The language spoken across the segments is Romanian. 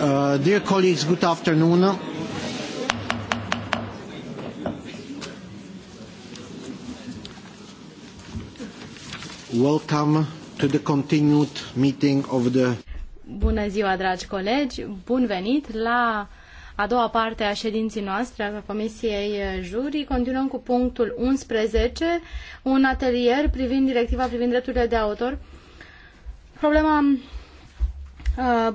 Uh, dear colleagues, good afternoon. Welcome to the continued meeting of the Bună ziua, dragi colegi! Bun venit la a doua parte a ședinții noastre a Comisiei Jurii. Continuăm cu punctul 11, un atelier privind directiva privind drepturile de autor. Problema Uh,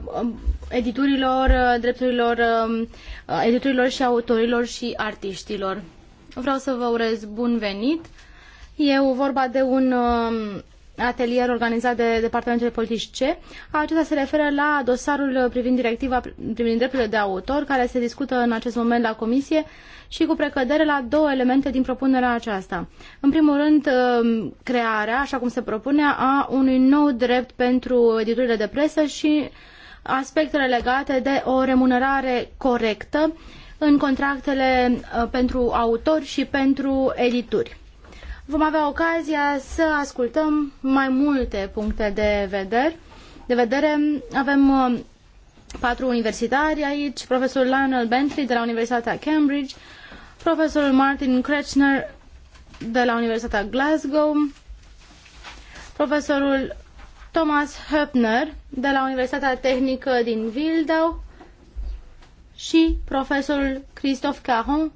editurilor, uh, drepturilor um, uh, editorilor și autorilor și artiștilor. Vreau să vă urez bun venit. E o vorba de un um, atelier organizat de Departamentul de Politici C. Acesta se referă la dosarul privind directiva privind drepturile de autor, care se discută în acest moment la Comisie și cu precădere la două elemente din propunerea aceasta. În primul rând, uh, crearea, așa cum se propune, a unui nou drept pentru editurile de presă și aspectele legate de o remunerare corectă în contractele uh, pentru autori și pentru edituri. Vom avea ocazia să ascultăm mai multe puncte de vedere. De vedere avem uh, patru universitari aici, profesorul Lionel Bentley de la Universitatea Cambridge, profesorul Martin Kretschner de la Universitatea Glasgow, profesorul Thomas Höppner de la Universitatea Tehnică din Wildau și profesorul Christophe Caron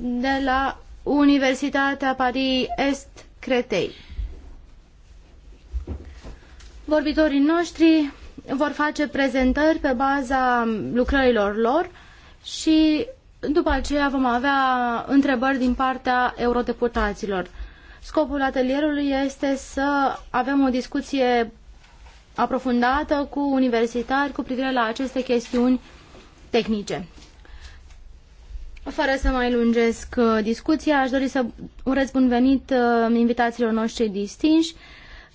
de la Universitatea Paris Est Cretei. Vorbitorii noștri vor face prezentări pe baza lucrărilor lor și după aceea vom avea întrebări din partea eurodeputaților. Scopul atelierului este să avem o discuție aprofundată cu universitari cu privire la aceste chestiuni tehnice. Fără să mai lungesc uh, discuția, aș dori să urez bun venit uh, invitațiilor noștri distinși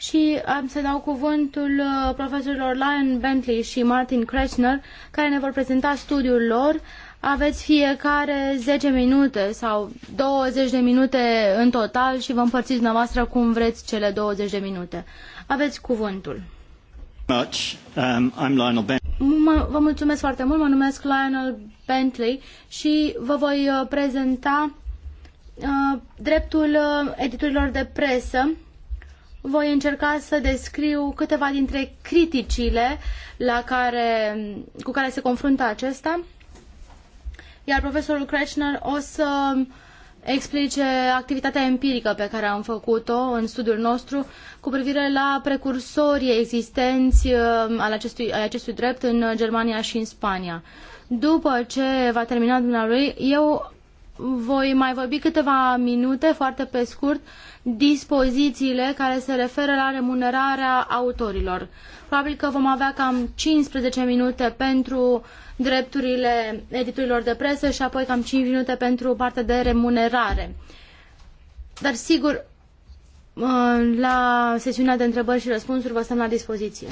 și am să dau cuvântul uh, profesorilor Lion Bentley și Martin Kretschner, care ne vor prezenta studiul lor. Aveți fiecare 10 minute sau 20 de minute în total și vă împărțiți dumneavoastră cum vreți cele 20 de minute. Aveți cuvântul. Um, vă mulțumesc foarte mult, mă numesc Lionel Bentley și vă voi uh, prezenta uh, dreptul editorilor de presă voi încerca să descriu câteva dintre criticile la care, cu care se confruntă acesta, iar profesorul Kretschner o să explice activitatea empirică pe care am făcut-o în studiul nostru cu privire la precursorii existenți uh, al acestui, al acestui drept în Germania și în Spania. După ce va termina dumnealui, eu voi mai vorbi câteva minute, foarte pe scurt, dispozițiile care se referă la remunerarea autorilor. Probabil că vom avea cam 15 minute pentru drepturile editorilor de presă și apoi cam 5 minute pentru partea de remunerare. Dar sigur, la sesiunea de întrebări și răspunsuri vă stăm la dispoziție.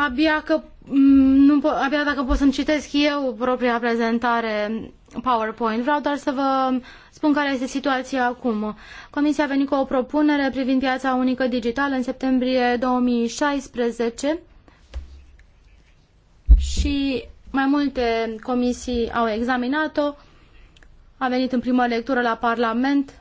Abia că Mm, nu, abia dacă pot să-mi citesc eu propria prezentare PowerPoint. Vreau doar să vă spun care este situația acum. Comisia a venit cu o propunere privind piața unică digitală în septembrie 2016 și mai multe comisii au examinat-o. A venit în primă lectură la Parlament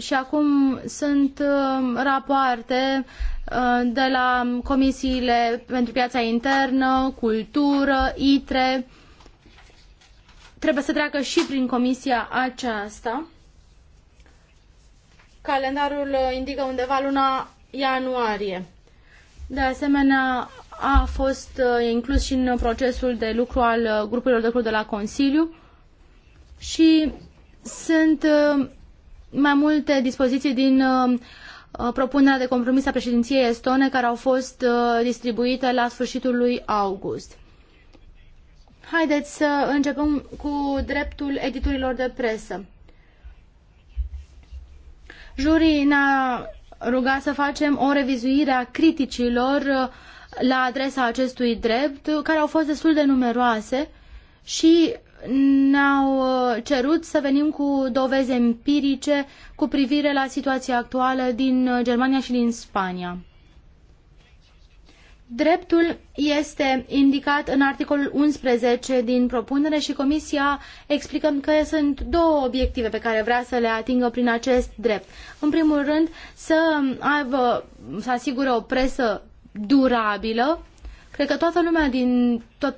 și acum sunt um, rapoarte uh, de la comisiile pentru piața internă, cultură, ITRE. Trebuie să treacă și prin comisia aceasta. Calendarul uh, indică undeva luna ianuarie. De asemenea, a fost uh, inclus și în procesul de lucru al grupurilor de lucru de la Consiliu și sunt mai multe dispoziții din uh, propunerea de compromis a președinției estone care au fost uh, distribuite la sfârșitul lui august. Haideți să începem cu dreptul editurilor de presă. Jurii ne-a rugat să facem o revizuire a criticilor uh, la adresa acestui drept, care au fost destul de numeroase și ne-au uh, cerut să venim cu dovezi empirice cu privire la situația actuală din uh, Germania și din Spania. Dreptul este indicat în articolul 11 din propunere și Comisia explică că sunt două obiective pe care vrea să le atingă prin acest drept. În primul rând, să, aibă, să asigure o presă durabilă. Cred că toată lumea din tot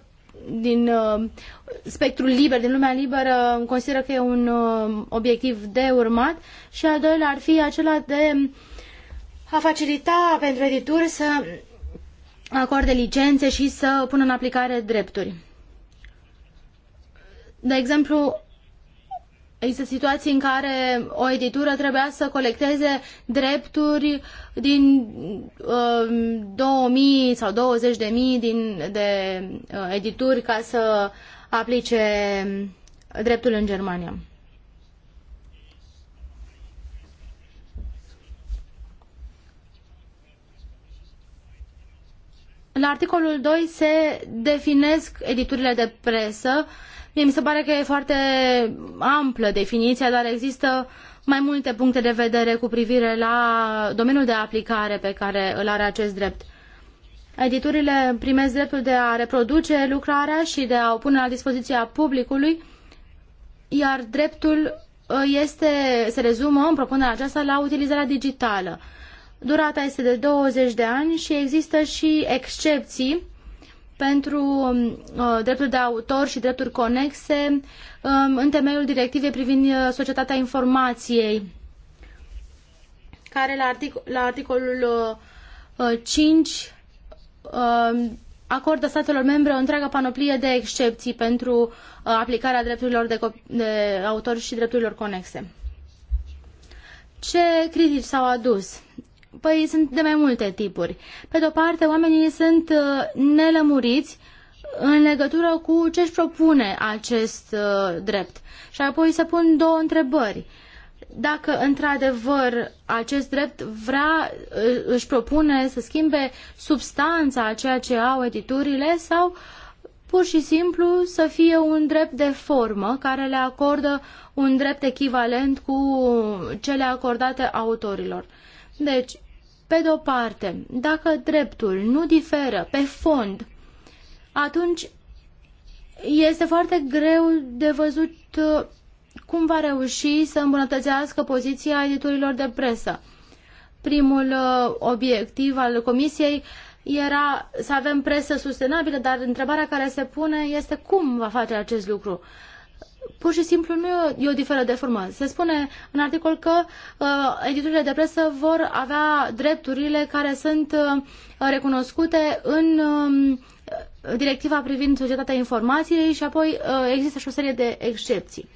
din uh, spectrul liber, din lumea liberă, consideră că e un uh, obiectiv de urmat și al doilea ar fi acela de a facilita pentru edituri să acorde licențe și să pună în aplicare drepturi. De exemplu, Există situații în care o editură trebuia să colecteze drepturi din uh, um, 2000 sau 20.000 din, de uh, edituri ca să aplice dreptul în Germania. La articolul 2 se definesc editurile de presă Mie mi se pare că e foarte amplă definiția, dar există mai multe puncte de vedere cu privire la domeniul de aplicare pe care îl are acest drept. Editurile primesc dreptul de a reproduce lucrarea și de a o pune la dispoziția publicului, iar dreptul uh, este, se rezumă în propunerea aceasta la utilizarea digitală. Durata este de 20 de ani și există și excepții pentru um, uh, drepturi de autor și drepturi conexe um, în temeiul directivei privind uh, societatea informației, care la, la articolul uh, 5 uh, um, acordă statelor membre o întreagă panoplie de excepții pentru uh, aplicarea drepturilor de, de autor și drepturilor conexe. Ce critici s-au adus? Păi sunt de mai multe tipuri. Pe de-o parte, oamenii sunt uh, nelămuriți în legătură cu ce își propune acest uh, drept. Și apoi se pun două întrebări. Dacă într-adevăr acest drept vrea, uh, își propune să schimbe substanța a ceea ce au editurile sau pur și simplu să fie un drept de formă care le acordă un drept echivalent cu cele acordate autorilor. Deci, pe de o parte, dacă dreptul nu diferă pe fond, atunci este foarte greu de văzut uh, cum va reuși să îmbunătățească poziția editorilor de presă. Primul uh, obiectiv al Comisiei era să avem presă sustenabilă, dar întrebarea care se pune este cum va face acest lucru pur și simplu nu e o, diferă de formă. Se spune în articol că uh, editurile de presă vor avea drepturile care sunt uh, recunoscute în uh, directiva privind societatea informației și apoi uh, există și o serie de excepții.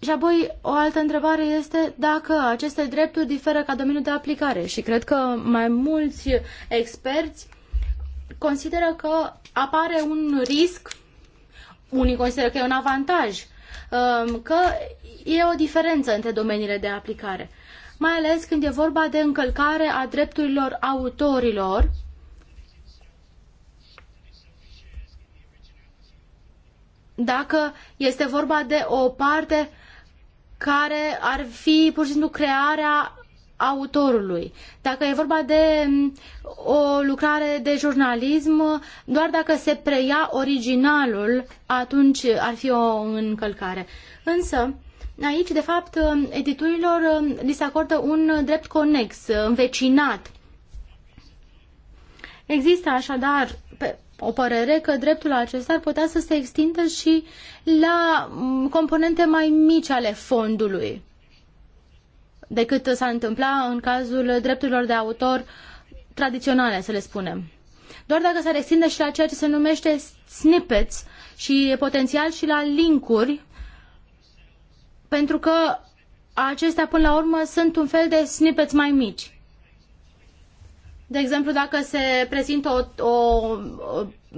Și apoi o altă întrebare este dacă aceste drepturi diferă ca domeniu de aplicare și cred că mai mulți experți consideră că apare un risc unii consideră că e un avantaj, um, că e o diferență între domeniile de aplicare, mai ales când e vorba de încălcare a drepturilor autorilor, dacă este vorba de o parte care ar fi pur și simplu crearea autorului. Dacă e vorba de o lucrare de jurnalism, doar dacă se preia originalul, atunci ar fi o încălcare. Însă, aici, de fapt, editurilor li se acordă un drept conex, învecinat. Există așadar o părere că dreptul acesta ar putea să se extindă și la componente mai mici ale fondului decât s-ar întâmpla în cazul drepturilor de autor tradiționale, să le spunem. Doar dacă s-ar extinde și la ceea ce se numește snippets și potențial și la linkuri, pentru că acestea până la urmă sunt un fel de snippets mai mici. De exemplu, dacă se prezintă o, o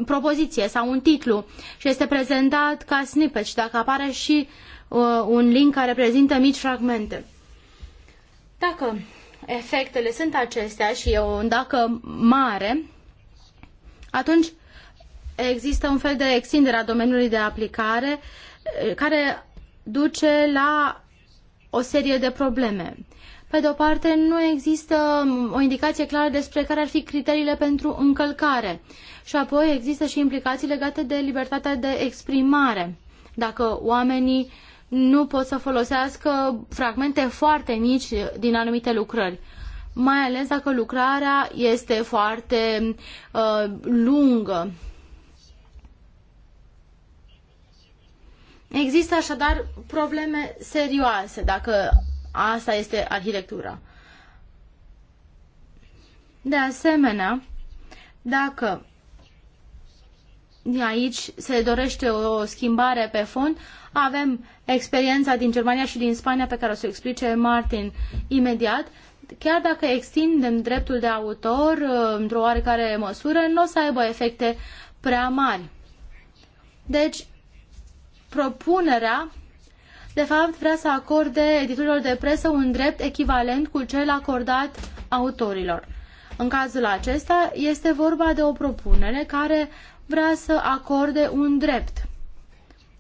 propoziție sau un titlu și este prezentat ca snippet și dacă apare și uh, un link care prezintă mici fragmente. Dacă efectele sunt acestea și e un dacă mare, atunci există un fel de extindere a domeniului de aplicare eh, care duce la o serie de probleme. Pe de o parte, nu există o indicație clară despre care ar fi criteriile pentru încălcare. Și apoi există și implicații legate de libertatea de exprimare. Dacă oamenii nu pot să folosească fragmente foarte mici din anumite lucrări mai ales dacă lucrarea este foarte uh, lungă. Există așadar probleme serioase dacă asta este arhitectura. De asemenea, dacă aici se dorește o schimbare pe fond, avem experiența din Germania și din Spania pe care o să o explice Martin imediat. Chiar dacă extindem dreptul de autor uh, într-o oarecare măsură, nu o să aibă efecte prea mari. Deci, propunerea de fapt vrea să acorde editorilor de presă un drept echivalent cu cel acordat autorilor. În cazul acesta este vorba de o propunere care vrea să acorde un drept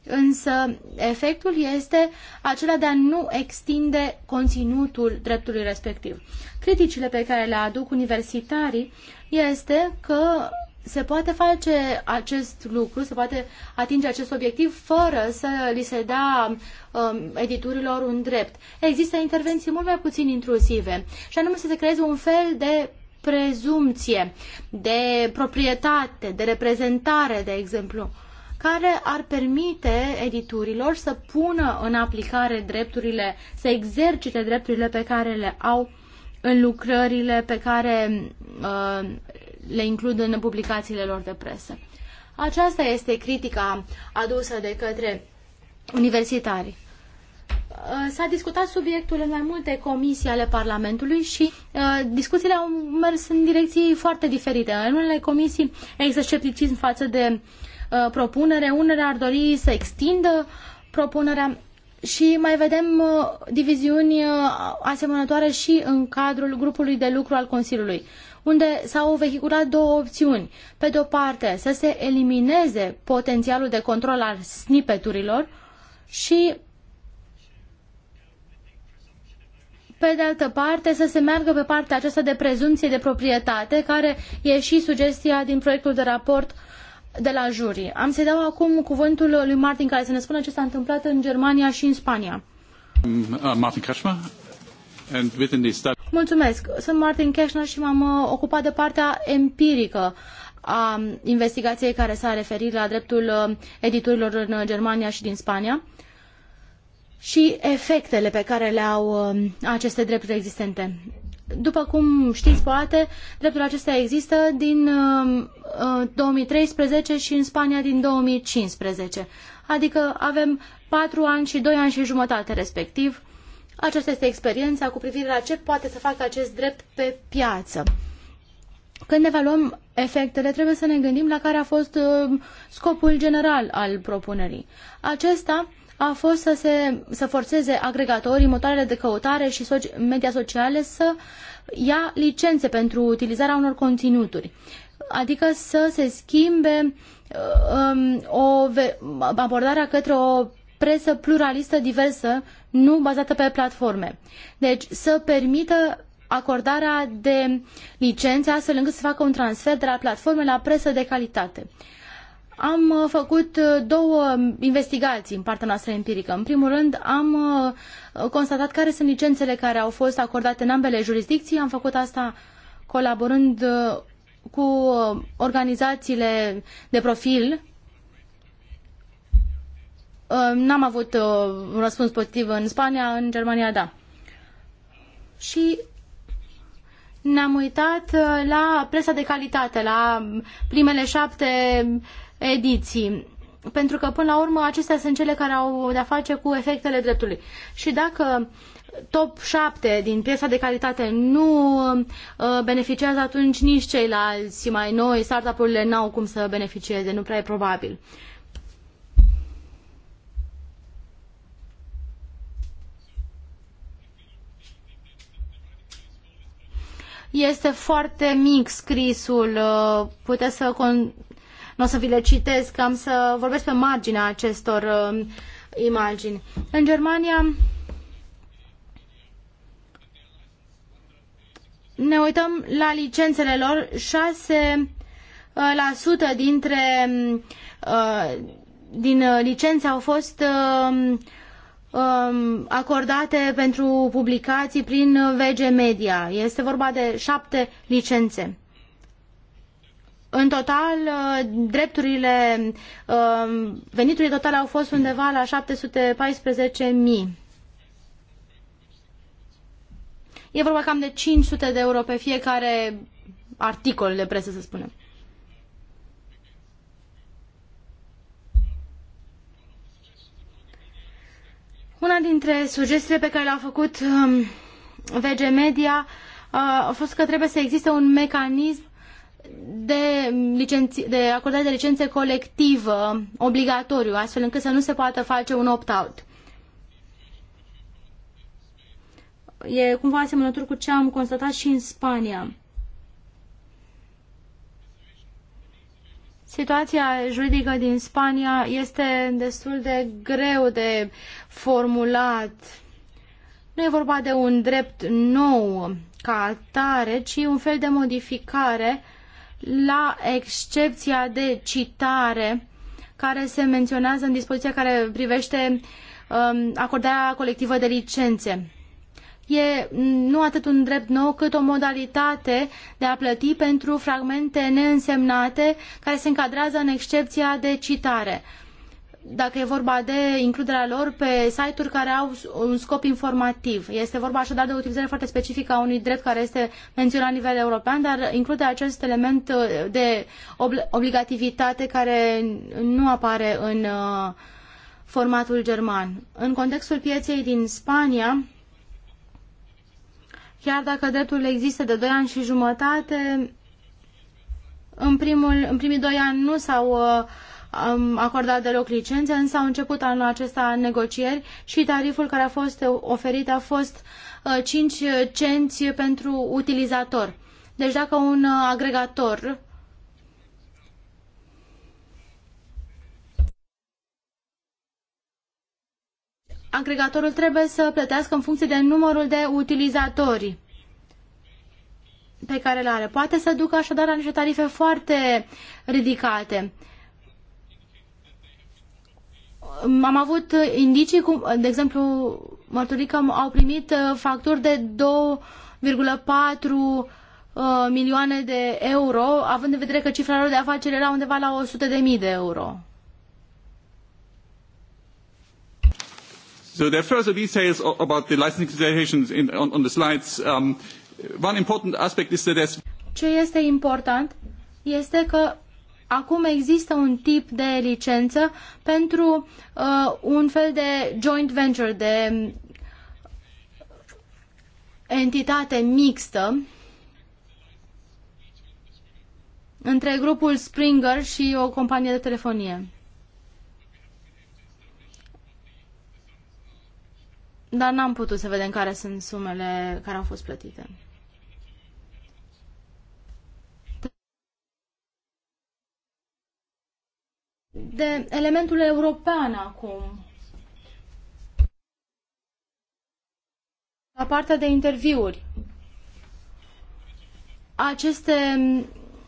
însă efectul este acela de a nu extinde conținutul dreptului respectiv. Criticile pe care le aduc universitarii este că se poate face acest lucru, se poate atinge acest obiectiv fără să li se dea um, editurilor un drept. Există intervenții mult mai puțin intrusive și anume să se creeze un fel de prezumție, de proprietate, de reprezentare, de exemplu care ar permite editurilor să pună în aplicare drepturile, să exercite drepturile pe care le au în lucrările pe care uh, le includ în publicațiile lor de presă. Aceasta este critica adusă de către universitari. Uh, s-a discutat subiectul în mai multe comisii ale Parlamentului și uh, discuțiile au mers în direcții foarte diferite. În unele comisii există scepticism față de Uh, propunere, unele ar dori să extindă propunerea și mai vedem uh, diviziuni uh, asemănătoare și în cadrul grupului de lucru al Consiliului, unde s-au vehiculat două opțiuni. Pe de o parte, să se elimineze potențialul de control al snipeturilor și pe de altă parte să se meargă pe partea aceasta de prezumție de proprietate, care e și sugestia din proiectul de raport de la jury. Am să-i dau acum cuvântul lui Martin care să ne spună ce s-a întâmplat în Germania și în Spania. Mm, uh, Martin Cashman. And within this study... Mulțumesc. Sunt Martin Keshner și m-am uh, ocupat de partea empirică a investigației care s-a referit la dreptul uh, editorilor în Germania și din Spania și efectele pe care le au aceste drepturi existente. După cum știți, poate, dreptul acesta există din um, uh, 2013 și în Spania din 2015. Adică avem patru ani și doi ani și jumătate respectiv. Aceasta este experiența cu privire la ce poate să facă acest drept pe piață. Când evaluăm efectele, trebuie să ne gândim la care a fost uh, scopul general al propunerii. Acesta a fost să, se, să forțeze agregatorii, motoarele de căutare și media sociale să ia licențe pentru utilizarea unor conținuturi. Adică să se schimbe uh, um, o abordarea către o presă pluralistă diversă, nu bazată pe platforme. Deci să permită acordarea de licențe astfel încât să facă un transfer de la platforme la presă de calitate am uh, făcut uh, două um, investigații în partea noastră empirică. În primul rând, am uh, constatat care sunt licențele care au fost acordate în ambele jurisdicții. Am făcut asta colaborând cu organizațiile de profil. N-am avut un răspuns pozitiv în Spania, în Germania, da. Și ne-am uitat la presa de calitate, la primele șapte uh, ediții. Pentru că, până la urmă, acestea sunt cele care au de-a face cu efectele dreptului. Și dacă top 7 din piesa de calitate nu uh, beneficiază atunci nici ceilalți mai noi, startup-urile n-au cum să beneficieze, nu prea e probabil. este foarte mic scrisul, uh, puteți să, con- nu o să vi le citesc, am să vorbesc pe marginea acestor um, imagini. În Germania ne uităm la licențele lor, 6% uh, dintre uh, din uh, licențe au fost um, um, acordate pentru publicații prin VG Media. Este vorba de șapte licențe. În total, uh, drepturile, uh, veniturile totale au fost undeva la 714.000. E vorba cam de 500 de euro pe fiecare articol de presă, să spunem. Una dintre sugestiile pe care le-a făcut um, VG Media uh, a fost că trebuie să existe un mecanism de, licenți- de acordare de licențe colectivă obligatoriu, astfel încât să nu se poată face un opt-out. E cumva asemănător cu ce am constatat și în Spania. Situația juridică din Spania este destul de greu de formulat. Nu e vorba de un drept nou ca atare, ci un fel de modificare la excepția de citare care se menționează în dispoziția care privește um, acordarea colectivă de licențe. E mm, nu atât un drept nou, cât o modalitate de a plăti pentru fragmente neînsemnate care se încadrează în excepția de citare dacă e vorba de includerea lor pe site-uri care au un scop informativ. Este vorba așadar de o utilizare foarte specifică a unui drept care este menționat la nivel european, dar include acest element uh, de obligativitate care nu apare în uh, formatul german. În contextul pieței din Spania, chiar dacă dreptul există de 2 ani și jumătate, în, primul, în primii doi ani nu s-au uh, acordat deloc licențe, însă au început anul acesta negocieri și tariful care a fost oferit a fost 5 uh, cenți pentru utilizator. Deci dacă un uh, agregator agregatorul trebuie să plătească în funcție de numărul de utilizatori pe care le are. Poate să ducă așadar la niște tarife foarte ridicate am avut uh, indicii, cum, de exemplu, mărturii că au primit uh, facturi de 2,4 uh, milioane de euro, având în vedere că cifra lor de afaceri era undeva la 100 de mii de euro. So there are further details about the licensing situations in, on, on the slides. Um, one important aspect is that there's... Ce este important este că Acum există un tip de licență pentru uh, un fel de joint venture, de entitate mixtă între grupul Springer și o companie de telefonie. Dar n-am putut să vedem care sunt sumele care au fost plătite. de elementul european acum. La partea de interviuri. Aceste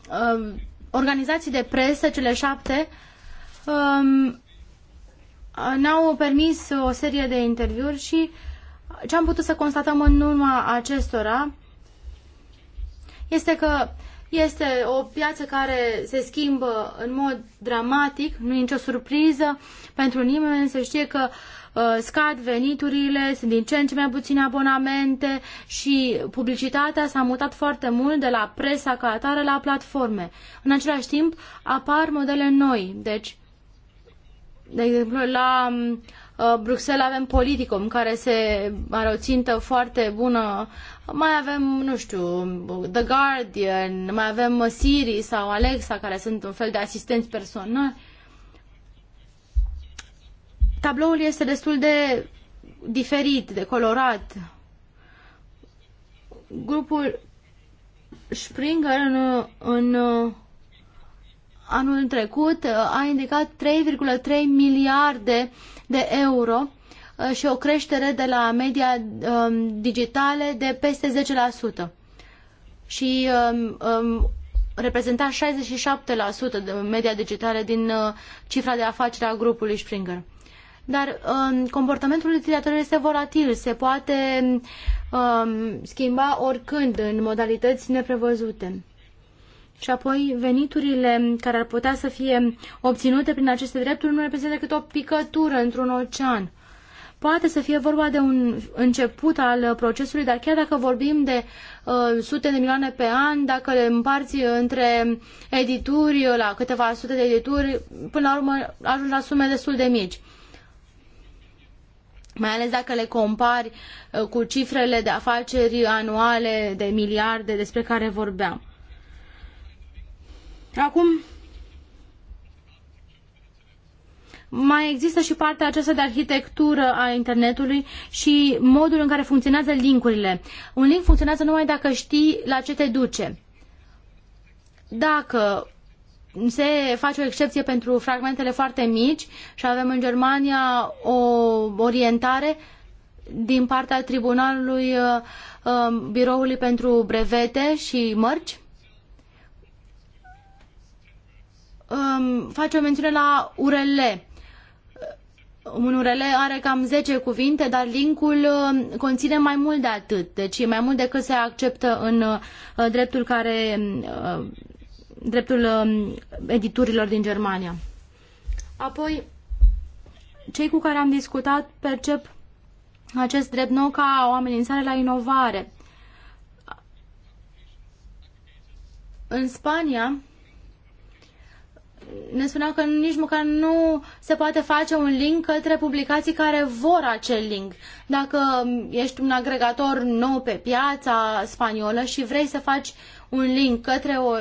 uh, organizații de presă, cele șapte, um, ne-au permis o serie de interviuri și ce am putut să constatăm în urma acestora este că este o piață care se schimbă în mod dramatic, nu e nicio surpriză pentru nimeni să știe că uh, scad veniturile, sunt din ce în ce mai puține abonamente și publicitatea s-a mutat foarte mult de la presa ca atare la platforme. În același timp apar modele noi, deci de exemplu la mm, uh, Bruxelles avem Politicum, care se are o țintă foarte bună mai avem, nu știu, The Guardian, mai avem Siri sau Alexa, care sunt un fel de asistenți personali. Tabloul este destul de diferit, de colorat. Grupul Springer în, în anul trecut a indicat 3,3 miliarde de euro Uh, și o creștere de la media um, digitale de peste 10% și um, um, reprezenta 67% de media digitale din uh, cifra de afaceri a grupului Springer. Dar comportamentul utilizatorilor este volatil, se poate schimba oricând în modalități neprevăzute. Și apoi veniturile care ar putea să fie obținute prin aceste drepturi nu reprezintă decât o picătură într-un ocean. Poate să fie vorba de un început al procesului, dar chiar dacă vorbim de uh, sute de milioane pe an, dacă le împarți între edituri, la câteva sute de edituri, până la urmă ajungi la sume destul de mici mai ales dacă le compari uh, cu cifrele de afaceri anuale de miliarde despre care vorbeam. Acum, Mai există și partea aceasta de arhitectură a internetului și modul în care funcționează linkurile. Un link funcționează numai dacă știi la ce te duce. Dacă se face o excepție pentru fragmentele foarte mici și avem în Germania o orientare din partea Tribunalului uh, uh, Biroului pentru Brevete și Mărci. Um, face o mențiune la URL Unurele are cam zece cuvinte, dar linkul uh, conține mai mult de atât. Deci e mai mult decât se acceptă în uh, dreptul care uh, dreptul um, editurilor din Germania. Apoi, cei cu care am discutat percep acest drept nou ca o amenințare la inovare. În Spania, ne spuneau că nici măcar nu se poate face un link către publicații care vor acel link. Dacă ești un agregator nou pe piața spaniolă și vrei să faci un link către o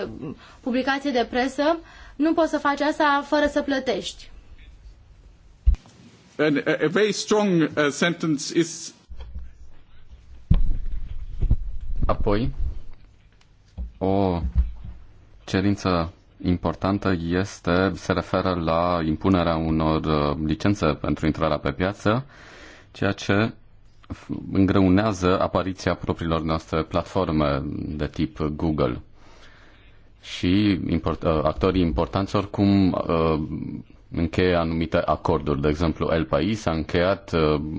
publicație de presă, nu poți să faci asta fără să plătești. And a very strong uh, sentence is Apoi, o cerință importantă este, se referă la impunerea unor uh, licențe pentru intrarea pe piață, ceea ce îngreunează apariția propriilor noastre platforme de tip Google. Și import, uh, actorii importanți oricum uh, încheie anumite acorduri. De exemplu, El País a încheiat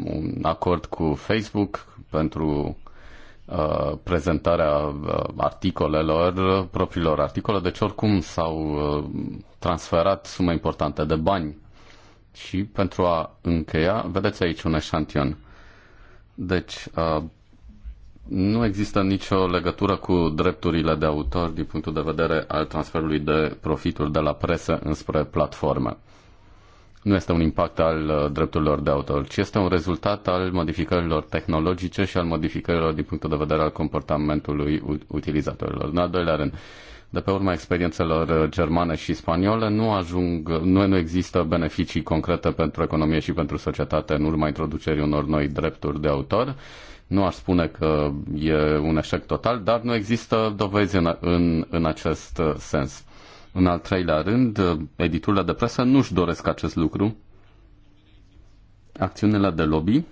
un acord cu Facebook pentru Uh, prezentarea uh, articolelor, propriilor articole, deci oricum s-au uh, transferat sume importante de bani. Și pentru a încheia, vedeți aici un eșantion. Deci, nu există nicio legătură cu drepturile de autor din punctul de vedere al transferului de profituri de la presă înspre platforme nu este un impact al uh, drepturilor de autor, ci este un rezultat al modificărilor tehnologice și al modificărilor din punctul de vedere al comportamentului utilizatorilor. În al doilea rând, de pe urma experiențelor uh, germane și spaniole, nu, ajung, nu, nu există beneficii concrete pentru economie și pentru societate în urma introducerii unor noi drepturi de autor. Nu aș spune că e un eșec total, dar nu există dovezi în, în, în acest uh, sens. În al treilea rând, editurile de presă nu-și doresc acest lucru. Acțiunile de lobby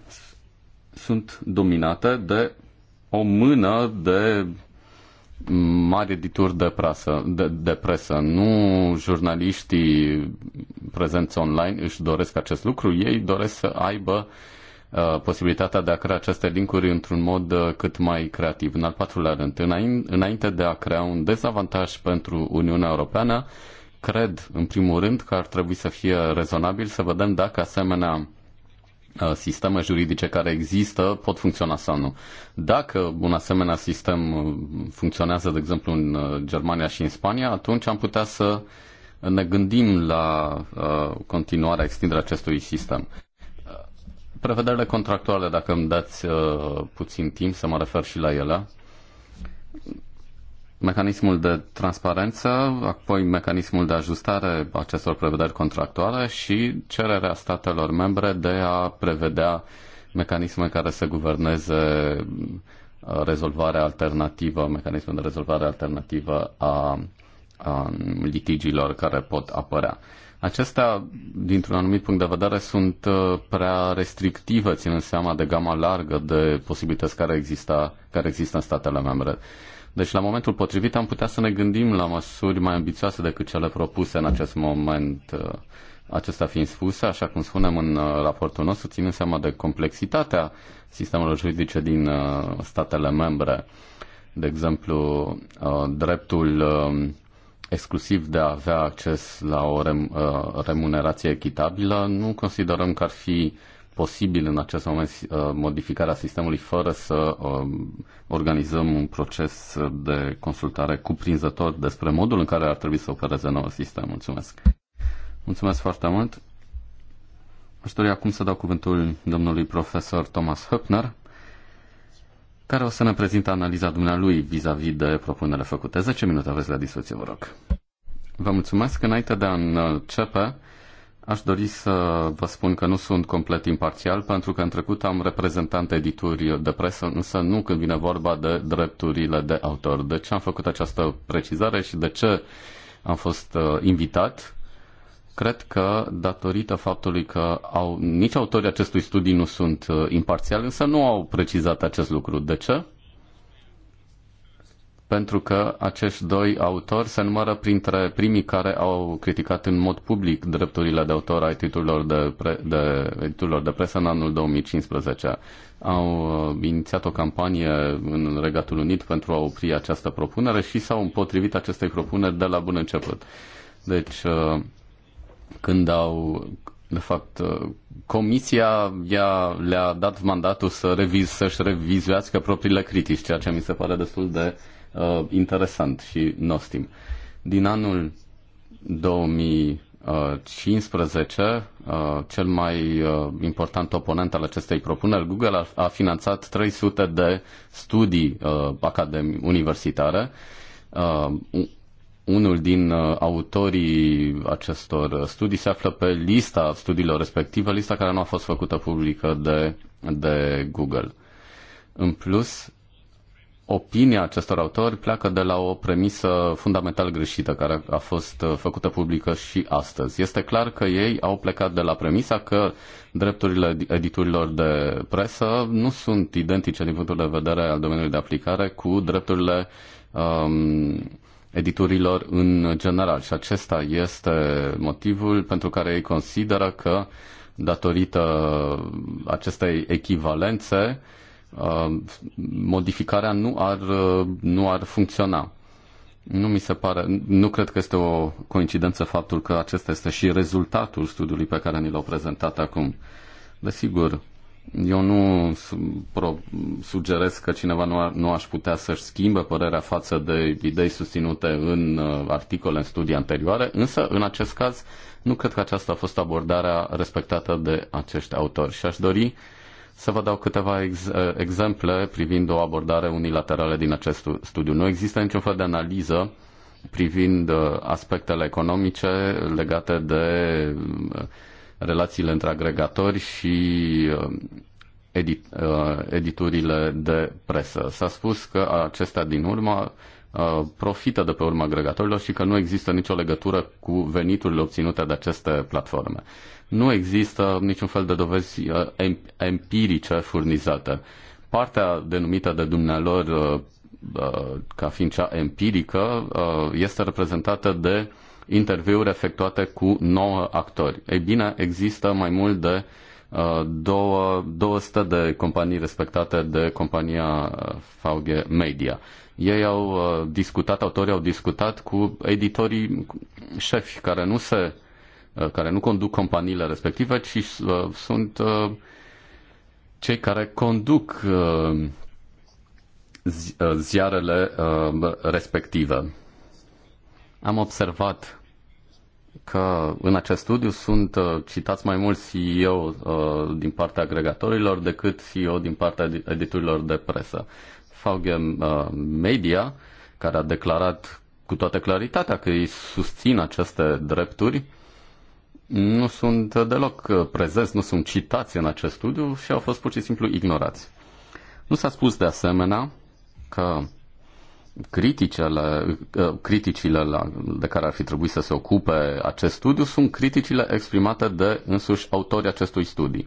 sunt dominate de o mână de mari edituri de presă, de, de presă. Nu jurnaliștii prezenți online își doresc acest lucru, ei doresc să aibă uh, Uh, posibilitatea de a crea aceste linkuri într-un mod uh, cât mai creativ. În al patrulea rând, înainte de a crea un dezavantaj pentru Uniunea Europeană, cred, în primul rând, că ar trebui să fie rezonabil să vedem dacă asemenea uh, sisteme juridice care există pot funcționa sau nu. Dacă un asemenea sistem funcționează, de exemplu, în Germania și în Spania, atunci am putea să ne gândim la continuarea extinderea acestui sistem prevederile contractuale, dacă îmi dați uh, puțin timp să mă refer și la ele. Mecanismul de transparență, apoi mecanismul de ajustare acestor prevederi contractuale și cererea statelor membre de a prevedea mecanisme care să guverneze uh, rezolvarea alternativă, mecanismul de rezolvare alternativă a, a litigiilor care pot apărea. Acestea, dintr-un anumit punct de vedere, sunt uh, prea restrictive, ținând seama de gama largă de posibilități care, exista, care există în statele membre. Deci, la momentul potrivit, am putea să ne gândim la măsuri mai ambițioase decât cele propuse în acest moment, uh, acestea fiind spuse, așa cum spunem în uh, raportul nostru, ținând seama de complexitatea sistemelor juridice din statele membre. De exemplu, dreptul um, exclusiv de a avea acces la o uh, remunerație echitabilă, nu considerăm că ar fi posibil în acest moment uh, modificarea sistemului fără să um, organizăm un proces de consultare cuprinzător despre modul în care ar trebui să opereze noul sistem. Mulțumesc! Mulțumesc foarte mult! Aș dori acum să dau cuvântul domnului profesor Thomas Höppner care o să ne prezinte analiza dumnealui vis-a-vis -vis de propunerile făcute. 10 minute aveți la dispoziție, vă rog. Vă mulțumesc. Înainte de a începe, aș dori să vă spun că nu sunt complet imparțial, pentru că în trecut am reprezentant edituri de presă, însă nu când vine vorba de drepturile de autor. De ce am făcut această precizare și de ce am fost uh, invitat? Cred că, datorită faptului că au, nici autorii acestui studiu nu sunt uh, imparțiali, însă nu au precizat acest lucru. De ce? pentru că acești doi autori se numără printre primii care au criticat în mod public drepturile de autor ai titlurilor de, pre, de, titlurilor de presă în anul 2015. Au uh, inițiat o campanie în Regatul Unit pentru a opri această propunere și s-au împotrivit acestei propuneri de la bun început. Deci, uh, când au, de fapt, comisia le-a dat mandatul să reviz, să-și revizuiască propriile critici, ceea ce mi se pare destul de uh, interesant și nostim. Din anul 2015, uh, cel mai uh, important oponent al acestei propuneri, Google, a, a finanțat 300 de studii uh, academi- universitare uh, unul din uh, autorii acestor studii se află pe lista studiilor respective, lista care nu a fost făcută publică de, de Google. În plus, opinia acestor autori pleacă de la o premisă fundamental greșită care a fost uh, făcută publică și astăzi. Este clar că ei au plecat de la premisa că drepturile editurilor de presă nu sunt identice din punctul de vedere al domeniului de aplicare cu drepturile um, editurilor în general. Și acesta este motivul pentru care ei consideră că, datorită acestei echivalențe, uh, modificarea nu ar, uh, nu ar funcționa. Nu mi se pare, nu cred că este o coincidență faptul că acesta este și rezultatul studiului pe care ni l-au prezentat acum. Desigur, eu nu sugerez că cineva nu, ar, nu aș putea să-și schimbe părerea față de idei susținute în uh, articole, în studii anterioare, însă, în acest caz, nu cred că aceasta a fost abordarea respectată de acești autori și aș dori să vă dau câteva ex- uh, exemple privind o abordare unilaterală din acest studiu. Nu există niciun fel de analiză privind uh, aspectele economice legate de relațiile între agregatori și uh, edit, uh, editurile de presă. S-a spus că acestea din urmă uh, profită de pe urma agregatorilor și că nu există nicio legătură cu veniturile obținute de aceste platforme. Nu există niciun fel de dovezi empirice furnizate. Partea denumită de dumnealor ca fiind cea empirică este reprezentată de uh, interviuri efectuate cu 9 actori. Ei bine, există mai mult de uh, două, 200 de companii respectate de compania VG Media. Ei au uh, discutat, autorii au discutat cu editorii șefi care nu se uh, care nu conduc companiile respective, ci sunt cei care conduc ziarele respective. Am observat că în acest studiu sunt uh, citați mai mulți CEO uh, din partea agregatorilor decât CEO din partea editurilor de presă. VG uh, Media, care a declarat cu toată claritatea că îi susțin aceste drepturi, nu sunt deloc prezenți, nu sunt citați în acest studiu și au fost pur și simplu ignorați. Nu s-a spus de asemenea că criticele, ă, criticile la, de care ar fi trebuit să se ocupe acest studiu sunt criticile exprimate de însuși autorii acestui studiu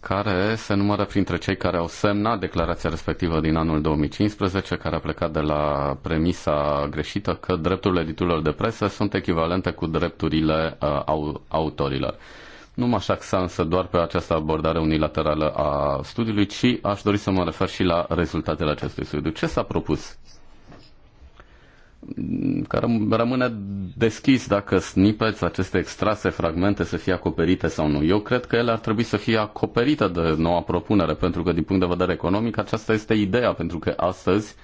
care se numără printre cei care au semnat declarația respectivă din anul 2015, care a plecat de la premisa greșită că drepturile editorilor de presă sunt echivalente cu drepturile uh, autorilor. Nu m-aș axa însă doar pe această abordare unilaterală a studiului, ci aș dori să mă refer și la rezultatele acestui studiu. Ce s-a propus? Care rămâne deschis dacă snippets, aceste extrase, fragmente să fie acoperite sau nu. Eu cred că ele ar trebui să fie acoperite de noua propunere, pentru că din punct de vedere economic aceasta este ideea, pentru că astăzi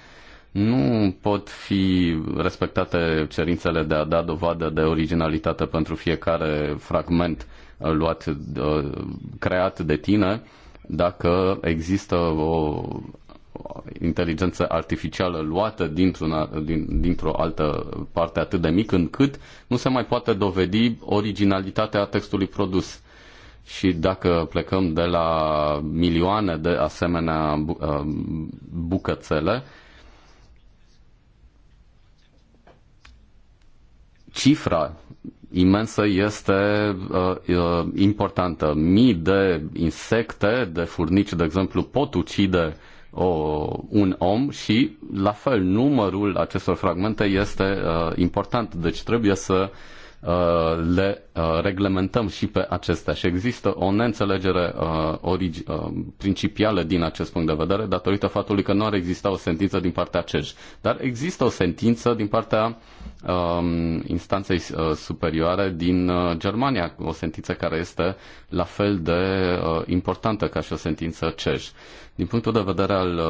nu pot fi respectate cerințele de a da dovadă de originalitate pentru fiecare fragment luat, creat de tine dacă există o inteligență artificială luată dintr din, dintr-o altă parte atât de mică încât nu se mai poate dovedi originalitatea textului produs. Și dacă plecăm de la milioane de asemenea uh, bucățele, cifra imensă este uh, uh, importantă. Mii de insecte, de furnici, de exemplu, pot ucide o, un om și, la fel, numărul acestor fragmente este uh, important. Deci trebuie să uh, le uh, reglementăm și pe acestea. Și există o neînțelegere uh, origi- uh, principială din acest punct de vedere datorită faptului că nu ar exista o sentință din partea CEJ. Dar există o sentință din partea uh, Um, instanței uh, superioare din uh, Germania, o sentință care este la fel de uh, importantă ca și o sentință CEJ. Din punctul de vedere al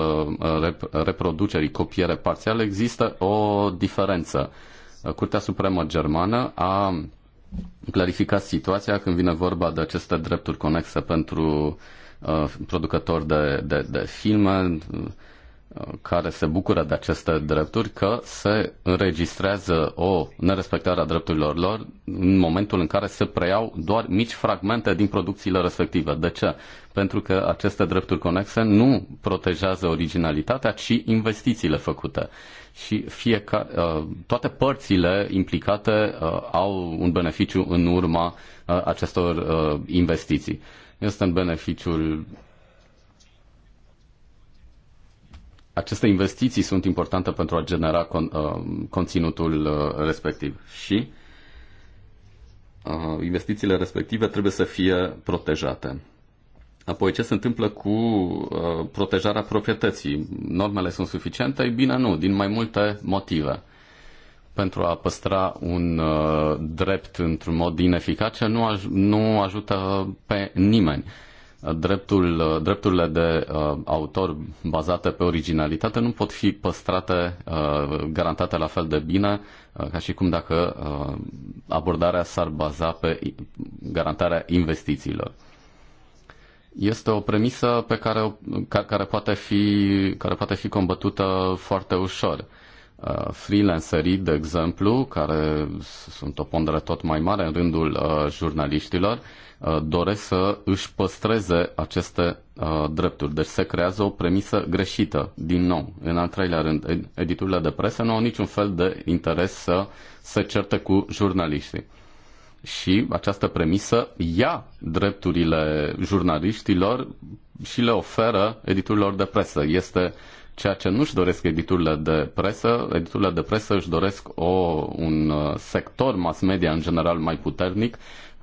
reproducerii copiere parțiale, există o diferență. Curtea Supremă Germană a clarificat situația când vine vorba de aceste drepturi conexe pentru producători de, de, de filme, care se bucură de aceste drepturi că se înregistrează o nerespectare a drepturilor lor în momentul în care se preiau doar mici fragmente din producțiile respective. De ce? Pentru că aceste drepturi conexe nu protejează originalitatea, ci investițiile făcute. Și fiecare, uh, toate părțile implicate uh, au un beneficiu în urma uh, acestor investiții este în beneficiul aceste investiții sunt importante pentru a genera con, uh, conținutul uh, respectiv și uh, investițiile respective trebuie să fie protejate. Apoi, ce se întâmplă cu uh, protejarea proprietății? Normele sunt suficiente? Ei bine, nu, din mai multe motive. Pentru a păstra un uh, drept într-un mod ineficace nu, aj- nu ajută pe nimeni. Uh, dreptul, drepturile de uh, autor bazate pe originalitate nu pot fi păstrate, uh, garantate la fel de bine, uh, ca și cum dacă uh, abordarea s-ar baza pe garantarea investițiilor. Este o premisă pe care, care, poate, fi, care poate fi combătută foarte ușor. Uh, freelancerii, de exemplu, care sunt o pondere tot mai mare în rândul uh, jurnaliștilor, Uh, doresc să își păstreze aceste uh, drepturi. Deci se creează o premisă greșită, din nou. În al treilea rând, editurile de presă nu au niciun fel de interes să se certe cu jurnaliștii. Și această premisă ia drepturile jurnaliștilor și le oferă editurilor de presă. Este ceea ce nu-și doresc editurile de presă. Editurile de presă își doresc o, un uh, sector mass media în general mai puternic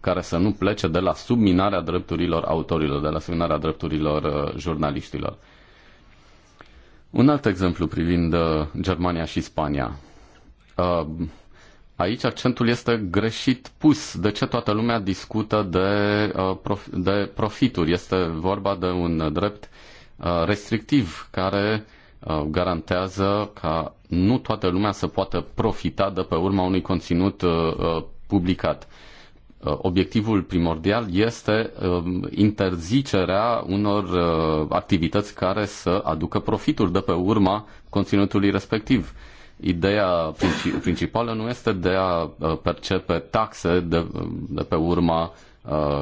care să nu plece de la subminarea drepturilor autorilor, de la subminarea drepturilor uh, jurnaliștilor. Un alt exemplu privind uh, Germania și Spania. Uh, aici accentul este greșit pus. De ce toată lumea discută de, de profituri? Este vorba de un drept restrictiv care garantează ca nu toată lumea să poată profita de pe urma unui conținut publicat. Uh, obiectivul primordial este um, interzicerea unor uh, activități care să aducă profituri de pe urma conținutului respectiv. Ideea principală nu este de a uh, percepe taxe de, um, de pe urma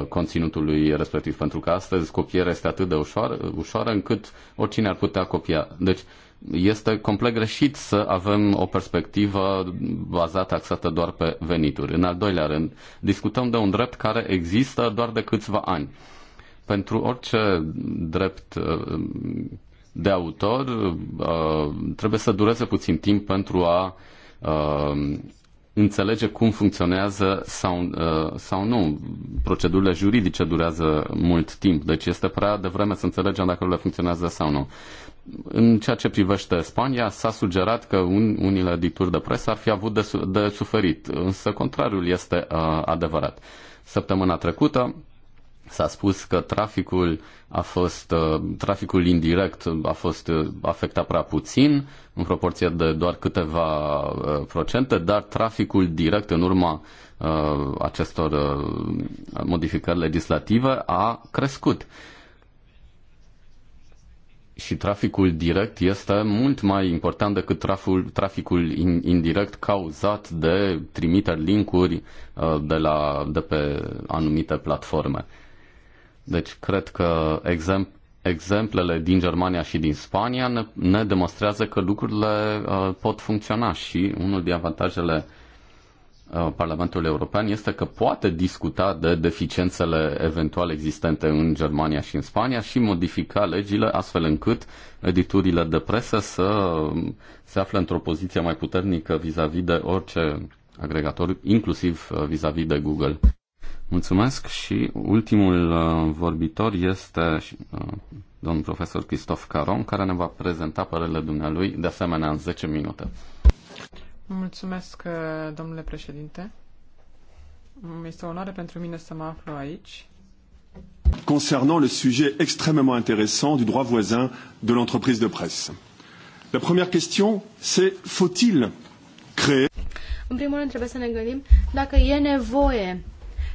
conținutului respectiv, pentru că astăzi copierea este atât de ușoară, ușoară încât oricine ar putea copia. Deci, uh, este complet greșit să avem o perspectivă bazată, axată doar pe venituri. În al doilea rând, discutăm de un drept care există doar de câțiva ani. Pentru orice drept uh, de autor uh, trebuie să dureze puțin timp pentru a uh, înțelege cum funcționează sau, sau nu. Procedurile juridice durează mult timp, deci este prea devreme să înțelegem dacă le funcționează sau nu. În ceea ce privește Spania, s-a sugerat că un, unile edituri de presă ar fi avut de, de suferit, însă contrariul este uh, adevărat. Săptămâna trecută, S-a spus că traficul a fost, traficul indirect a fost afectat prea puțin, în proporție de doar câteva procente, dar traficul direct în urma acestor modificări legislative a crescut și traficul direct este mult mai important decât traful, traficul indirect cauzat de trimiteri linkuri uh, de, la, de pe anumite platforme. Deci cred că exemp- exemplele din Germania și din Spania ne, ne demonstrează că lucrurile uh, pot funcționa și unul din avantajele uh, Uh, Parlamentul European este că poate discuta de deficiențele eventual existente în Germania și în Spania și modifica legile astfel încât editurile de presă să se afle într-o poziție mai puternică vis-a-vis -vis de orice agregator, inclusiv uh, vis-a-vis -vis de Google. Mulțumesc și ultimul uh, vorbitor este domnul profesor Cristof Caron, care ne va prezenta părerile dumnealui de asemenea în 10 minute. Mulțumesc, uh, domnule președinte. Este o onoare pentru mine să mă aflu aici. Concernant le sujet extrêmement intéressant du droit voisin de l'entreprise de presse. La première question, c'est faut-il créer În primul rând trebuie să ne gândim dacă e nevoie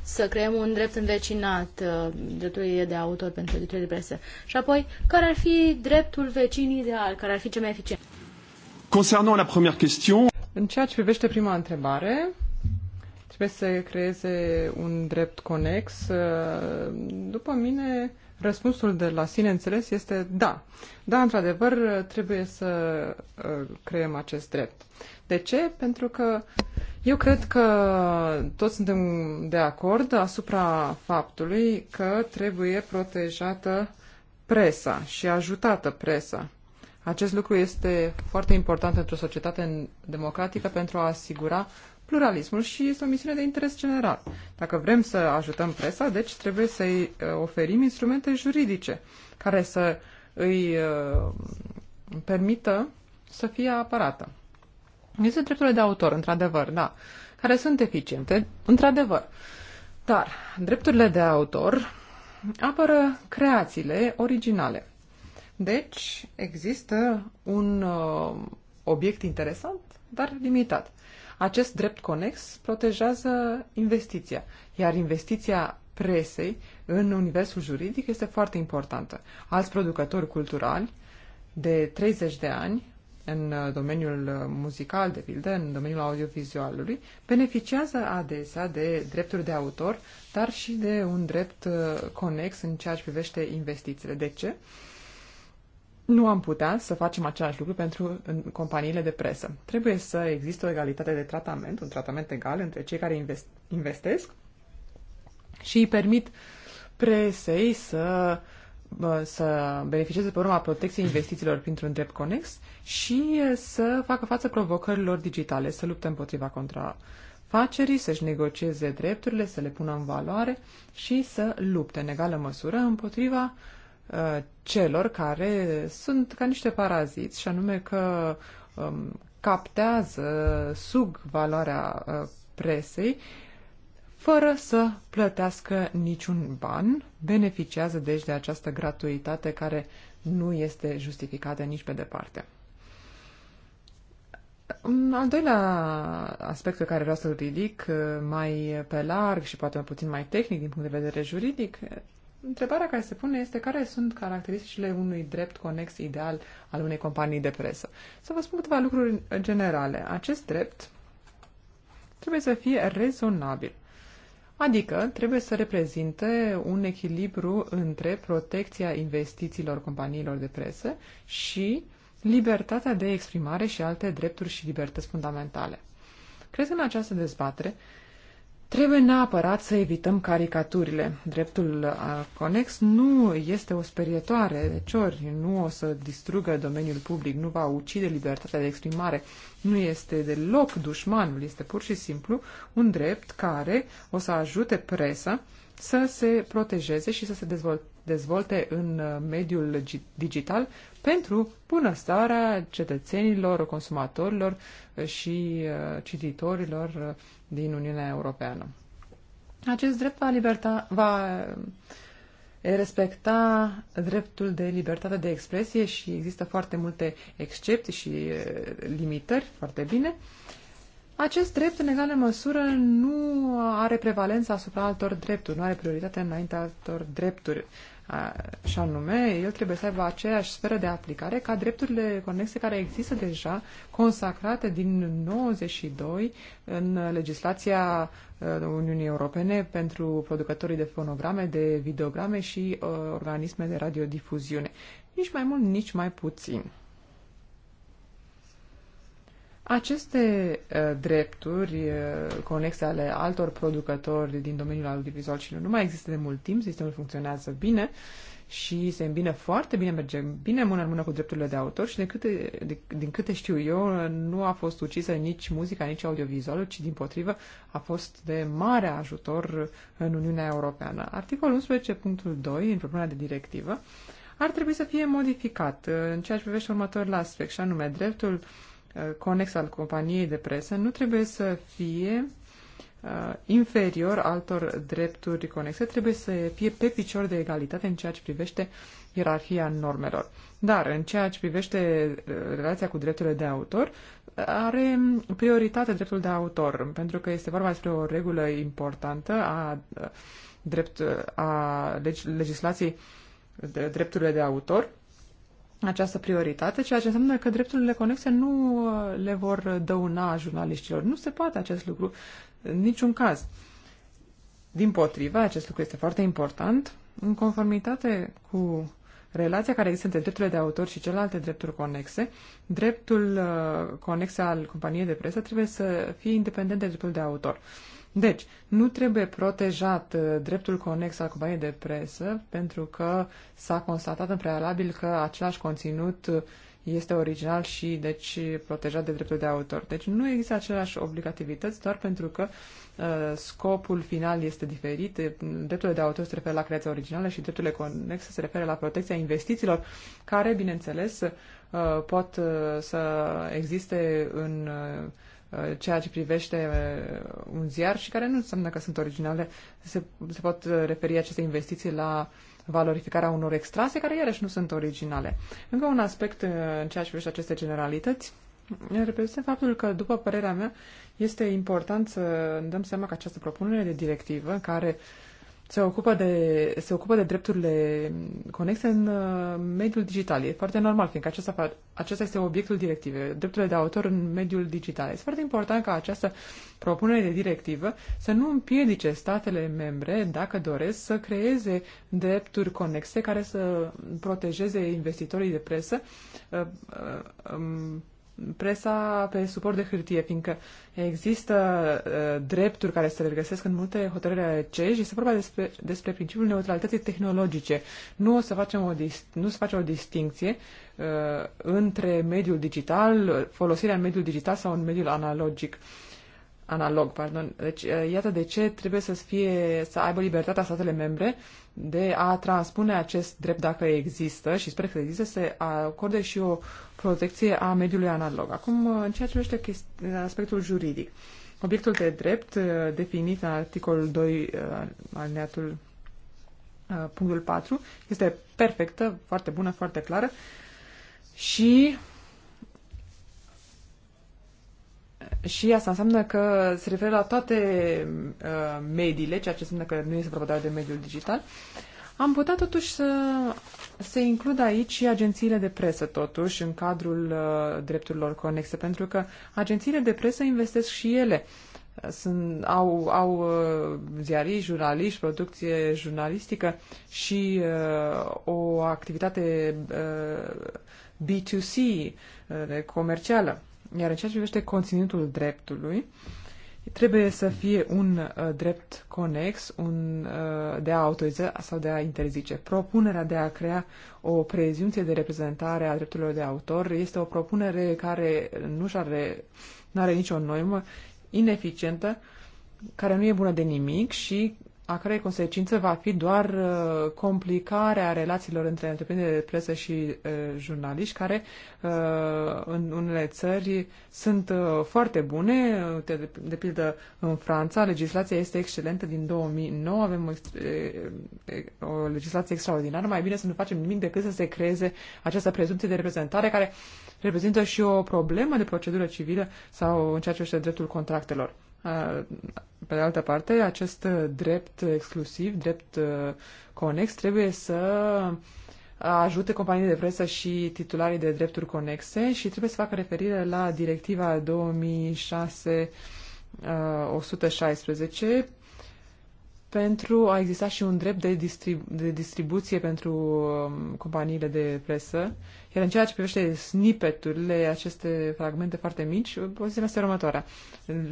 să creăm un drept învecinat, uh, drepturile de autor pentru editurile de presă. Și apoi, care ar fi dreptul vecin ideal, care ar fi cel mai eficient? Concernant la première question, în ceea ce privește prima întrebare, trebuie să creeze un drept conex. După mine, răspunsul de la sine înțeles este da. Da, într-adevăr, trebuie să uh, creăm acest drept. De ce? Pentru că eu cred că toți suntem de acord asupra faptului că trebuie protejată presa și ajutată presa. Acest lucru este foarte important într-o societate democratică pentru a asigura pluralismul și este o misiune de interes general. Dacă vrem să ajutăm presa, deci trebuie să-i uh, oferim instrumente juridice care să îi uh, permită să fie apărată. Este drepturile de autor, într-adevăr, da, care sunt eficiente, într-adevăr. Dar drepturile de autor apără creațiile originale. Deci, există un uh, obiect interesant, dar limitat. Acest drept conex protejează investiția, iar investiția presei în universul juridic este foarte importantă. Alți producători culturali de 30 de ani în uh, domeniul uh, muzical, de pildă, în domeniul audiovizualului, beneficiază adesea de drepturi de autor, dar și de un drept uh, conex în ceea ce privește investițiile. De ce? Uh, nu am putea să facem același lucru pentru companiile de presă. Trebuie să existe o egalitate de tratament, un tratament egal între cei care invest, investesc și îi permit presei să, să beneficieze pe urma protecției investițiilor printr-un drept conex și să facă față provocărilor digitale, să lupte împotriva contra facerii, să-și negocieze drepturile, să le pună în valoare și să lupte în egală măsură împotriva uh, Uh, celor care sunt ca niște paraziți, și anume că um, captează, sug valoarea uh, presei, fără să plătească niciun ban, beneficiază deci de această gratuitate care nu este justificată nici pe departe. Un al doilea aspect pe care vreau să-l ridic uh, mai pe larg și poate mai puțin mai tehnic din punct de vedere juridic Întrebarea care se pune este care sunt caracteristicile unui drept conex ideal al unei companii de presă. Să vă spun câteva lucruri generale. Acest drept trebuie să fie rezonabil. Adică trebuie să reprezinte un echilibru între protecția investițiilor companiilor de presă și libertatea de exprimare și alte drepturi și libertăți fundamentale. Cred că în această dezbatere Trebuie neapărat să evităm caricaturile. Dreptul conex nu este o sperietoare de ciori, nu o să distrugă domeniul public, nu va ucide libertatea de exprimare, nu este deloc dușmanul, este pur și simplu un drept care o să ajute presa să se protejeze și să se dezvolte în uh, mediul digital pentru bunăstarea cetățenilor, consumatorilor uh, și uh, cititorilor din Uniunea Europeană. Acest drept va, liberta, va respecta dreptul de libertate de expresie și există foarte multe excepții și limitări, foarte bine, acest drept, în egală măsură, nu are prevalență asupra altor drepturi, nu are prioritate înaintea altor drepturi. A, și anume, el trebuie să aibă aceeași sferă de aplicare ca drepturile conexe care există deja consacrate din 92 în legislația Uniunii Europene pentru producătorii de fonograme, de videograme și uh, organisme de radiodifuziune. Nici mai mult, nici mai puțin. Aceste uh, drepturi uh, conexe ale altor producători din domeniul audiovizual și nu, nu mai există de mult timp, sistemul funcționează bine și se îmbină foarte bine, merge bine mână în mână cu drepturile de autor și de câte, de, din câte știu eu, nu a fost ucisă nici muzica, nici audiovizualul, ci din potrivă a fost de mare ajutor în Uniunea Europeană. Articolul 11.2 în propunerea de directivă ar trebui să fie modificat uh, în ceea ce privește următorul aspect, și anume dreptul uh, conex al companiei de presă nu trebuie să fie uh, inferior altor drepturi conexe, trebuie să fie pe picior de egalitate în ceea ce privește ierarhia normelor. Dar în ceea ce privește uh, relația cu drepturile de autor, are prioritate dreptul de autor, pentru că este vorba despre o regulă importantă a, uh, drept, a legislației de drepturile de autor această prioritate, ceea ce înseamnă că drepturile conexe nu uh, le vor dăuna jurnaliștilor. Nu se poate acest lucru în niciun caz. Din potriva, acest lucru este foarte important, în conformitate cu relația care există între drepturile de autor și celelalte drepturi conexe, dreptul uh, conexe al companiei de presă trebuie să fie independent de dreptul de autor. Uh, deci, nu trebuie protejat uh, dreptul conex al companiei de presă, pentru că s-a constatat în prealabil că același conținut uh, este original și, deci, protejat de dreptul de autor. Deci, nu există aceleași obligativități, doar pentru că uh, scopul final este diferit. Dreptul de autor se referă la creația originală și drepturile conexe se referă la protecția investițiilor, care, bineînțeles, uh, pot uh, să existe în. Uh, Uh, ceea ce privește uh, un ziar și care nu înseamnă că sunt originale. Se, se pot uh, referi aceste investiții la valorificarea unor extrase care iarăși nu sunt originale. Încă un aspect în ceea ce privește aceste generalități reprezintă faptul că, după părerea mea, este important să dăm seama că această propunere de directivă care uh, se ocupă de, se ocupă de drepturile conexe în uh, mediul digital. E foarte normal, fiindcă acesta, acesta este obiectul directivei, drepturile de autor în mediul digital. Este foarte important ca această propunere de directivă să nu împiedice statele membre, dacă doresc, să creeze drepturi conexe care să protejeze investitorii de presă uh, uh, um, presa pe suport de hârtie, fiindcă există uh, drepturi care se regăsesc în multe hotărâri ale CEJ. Este vorba despre, despre principiul neutralității tehnologice. Nu, o să facem o nu se face o distinție uh, între mediul digital, folosirea în mediul digital sau în mediul analogic. Uh, analog, pardon. Deci, uh, iată de ce trebuie să fie, să aibă libertatea statele membre de a transpune acest drept dacă există și sper că există să acorde și o protecție a mediului analog. Acum, uh, în ceea ce privește aspectul juridic. Obiectul de drept uh, definit în articolul 2 alineatul punctul 4 este perfectă, foarte bună, foarte clară și Și asta înseamnă că se referă la toate uh, mediile, ceea ce înseamnă că nu este vorba doar de mediul digital. Am putea totuși să se includă aici și agențiile de presă, totuși, în cadrul uh, drepturilor conexe, pentru că agențiile de presă investesc și ele. Sunt, au, au uh, ziariști, jurnaliști, producție jurnalistică și uh, o activitate uh, B2C uh, comercială. Iar în ceea ce privește conținutul dreptului, trebuie să fie un uh, drept conex un, uh, de a autoriza sau de a interzice. Propunerea de a crea o prezumție de reprezentare a drepturilor de autor este o propunere care nu are, are nicio noimă, ineficientă, care nu e bună de nimic și a cărei consecință va fi doar uh, complicarea relațiilor între întreprinderile de presă și uh, jurnaliști, care uh, în unele țări sunt uh, foarte bune. De, de, de pildă, în Franța, legislația este excelentă din 2009, avem o, o legislație extraordinară. Mai bine să nu facem nimic decât să se creeze această prezumție de reprezentare, care reprezintă și o problemă de procedură civilă sau în ceea ce este dreptul contractelor. Pe de altă parte, acest drept exclusiv, drept uh, conex, trebuie să ajute companiile de presă și titularii de drepturi conexe și trebuie să facă referire la directiva 2006 116 pentru a exista și un drept de, distribu- de distribuție pentru um, companiile de presă. Iar în ceea ce privește snippeturile, aceste fragmente foarte mici, poziția este următoarea.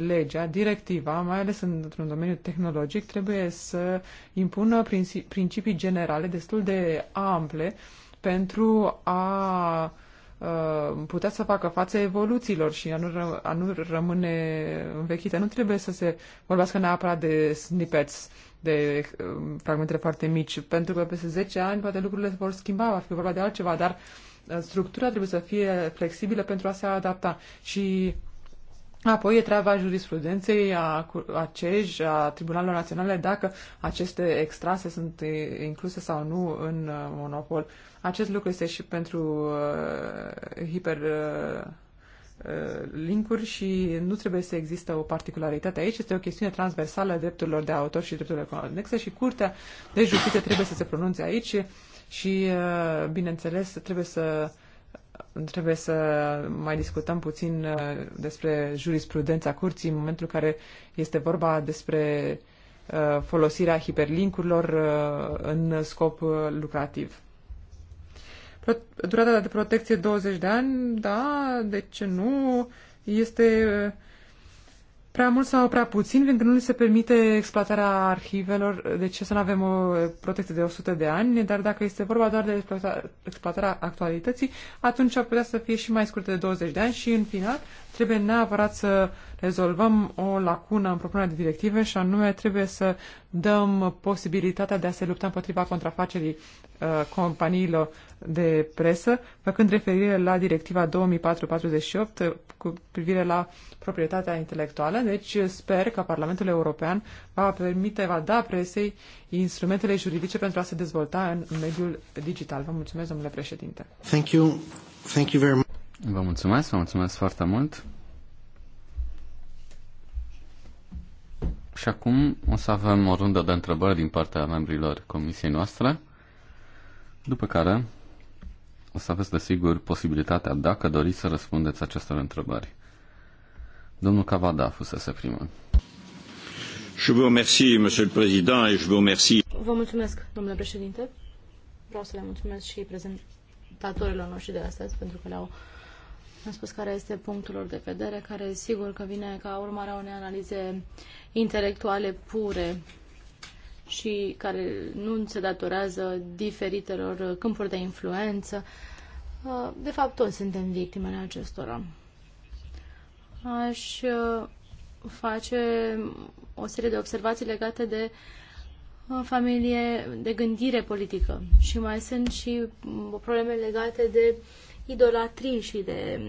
Legea, directiva, mai ales într-un domeniu tehnologic, trebuie să impună principii generale destul de ample pentru a Uh, putea să facă față evoluțiilor și a nu, a nu rămâne învechită. Nu trebuie să se vorbească neapărat de snippets, de uh, fragmente foarte mici, pentru că peste 10 ani poate lucrurile se vor schimba, va fi vorba de altceva, dar uh, structura trebuie să fie flexibilă pentru a se adapta. Și Apoi e treaba jurisprudenței a, a CEJ, a Tribunalelor Naționale, dacă aceste extrase sunt incluse sau nu în uh, monopol. Acest lucru este și pentru uh, hiper uh, uh, linkuri și nu trebuie să există o particularitate aici. Este o chestiune transversală a drepturilor de autor și drepturile conexe și Curtea de Justiție trebuie să se pronunțe aici și, uh, bineînțeles, trebuie să uh, trebuie să mai discutăm puțin uh, despre jurisprudența curții în momentul în care este vorba despre uh, folosirea hiperlinkurilor uh, în scop lucrativ. Durata de protecție 20 de ani, da, de ce nu? Este prea mult sau prea puțin, fiindcă nu se permite exploatarea arhivelor, de ce să nu avem o protecție de 100 de ani, dar dacă este vorba doar de exploatarea actualității, atunci ar putea să fie și mai scurtă de 20 de ani și, în final, trebuie neapărat să uh, rezolvăm o lacună în propunerea de directive și anume trebuie să dăm posibilitatea de a se lupta împotriva contrafacerii uh, companiilor de presă, făcând referire la directiva 2448 uh, cu privire la proprietatea intelectuală. Deci uh, sper că Parlamentul European va permite, va da presei instrumentele juridice pentru a se dezvolta în mediul digital. Vă mulțumesc, domnule președinte. Thank you. Thank you very much. Vă mulțumesc, vă mulțumesc foarte mult. Și acum o să avem o rundă de întrebări din partea membrilor comisiei noastre, după care o să aveți, desigur, posibilitatea, dacă doriți, să răspundeți acestor întrebări. Domnul Cavada să primă. Je vous remercie, monsieur le président, et je vous remercie. Vă mulțumesc, domnule președinte. Vreau să le mulțumesc și prezentatorilor noștri de astăzi pentru că le-au am spus care este punctul lor de vedere, care sigur că vine ca urmare a unei analize intelectuale pure și care nu se datorează diferitelor câmpuri de influență. Uh, de fapt, toți suntem victimele acestora. Aș uh, face o serie de observații legate de uh, familie de gândire politică și mai sunt și mm, probleme legate de uh, idolatrii și de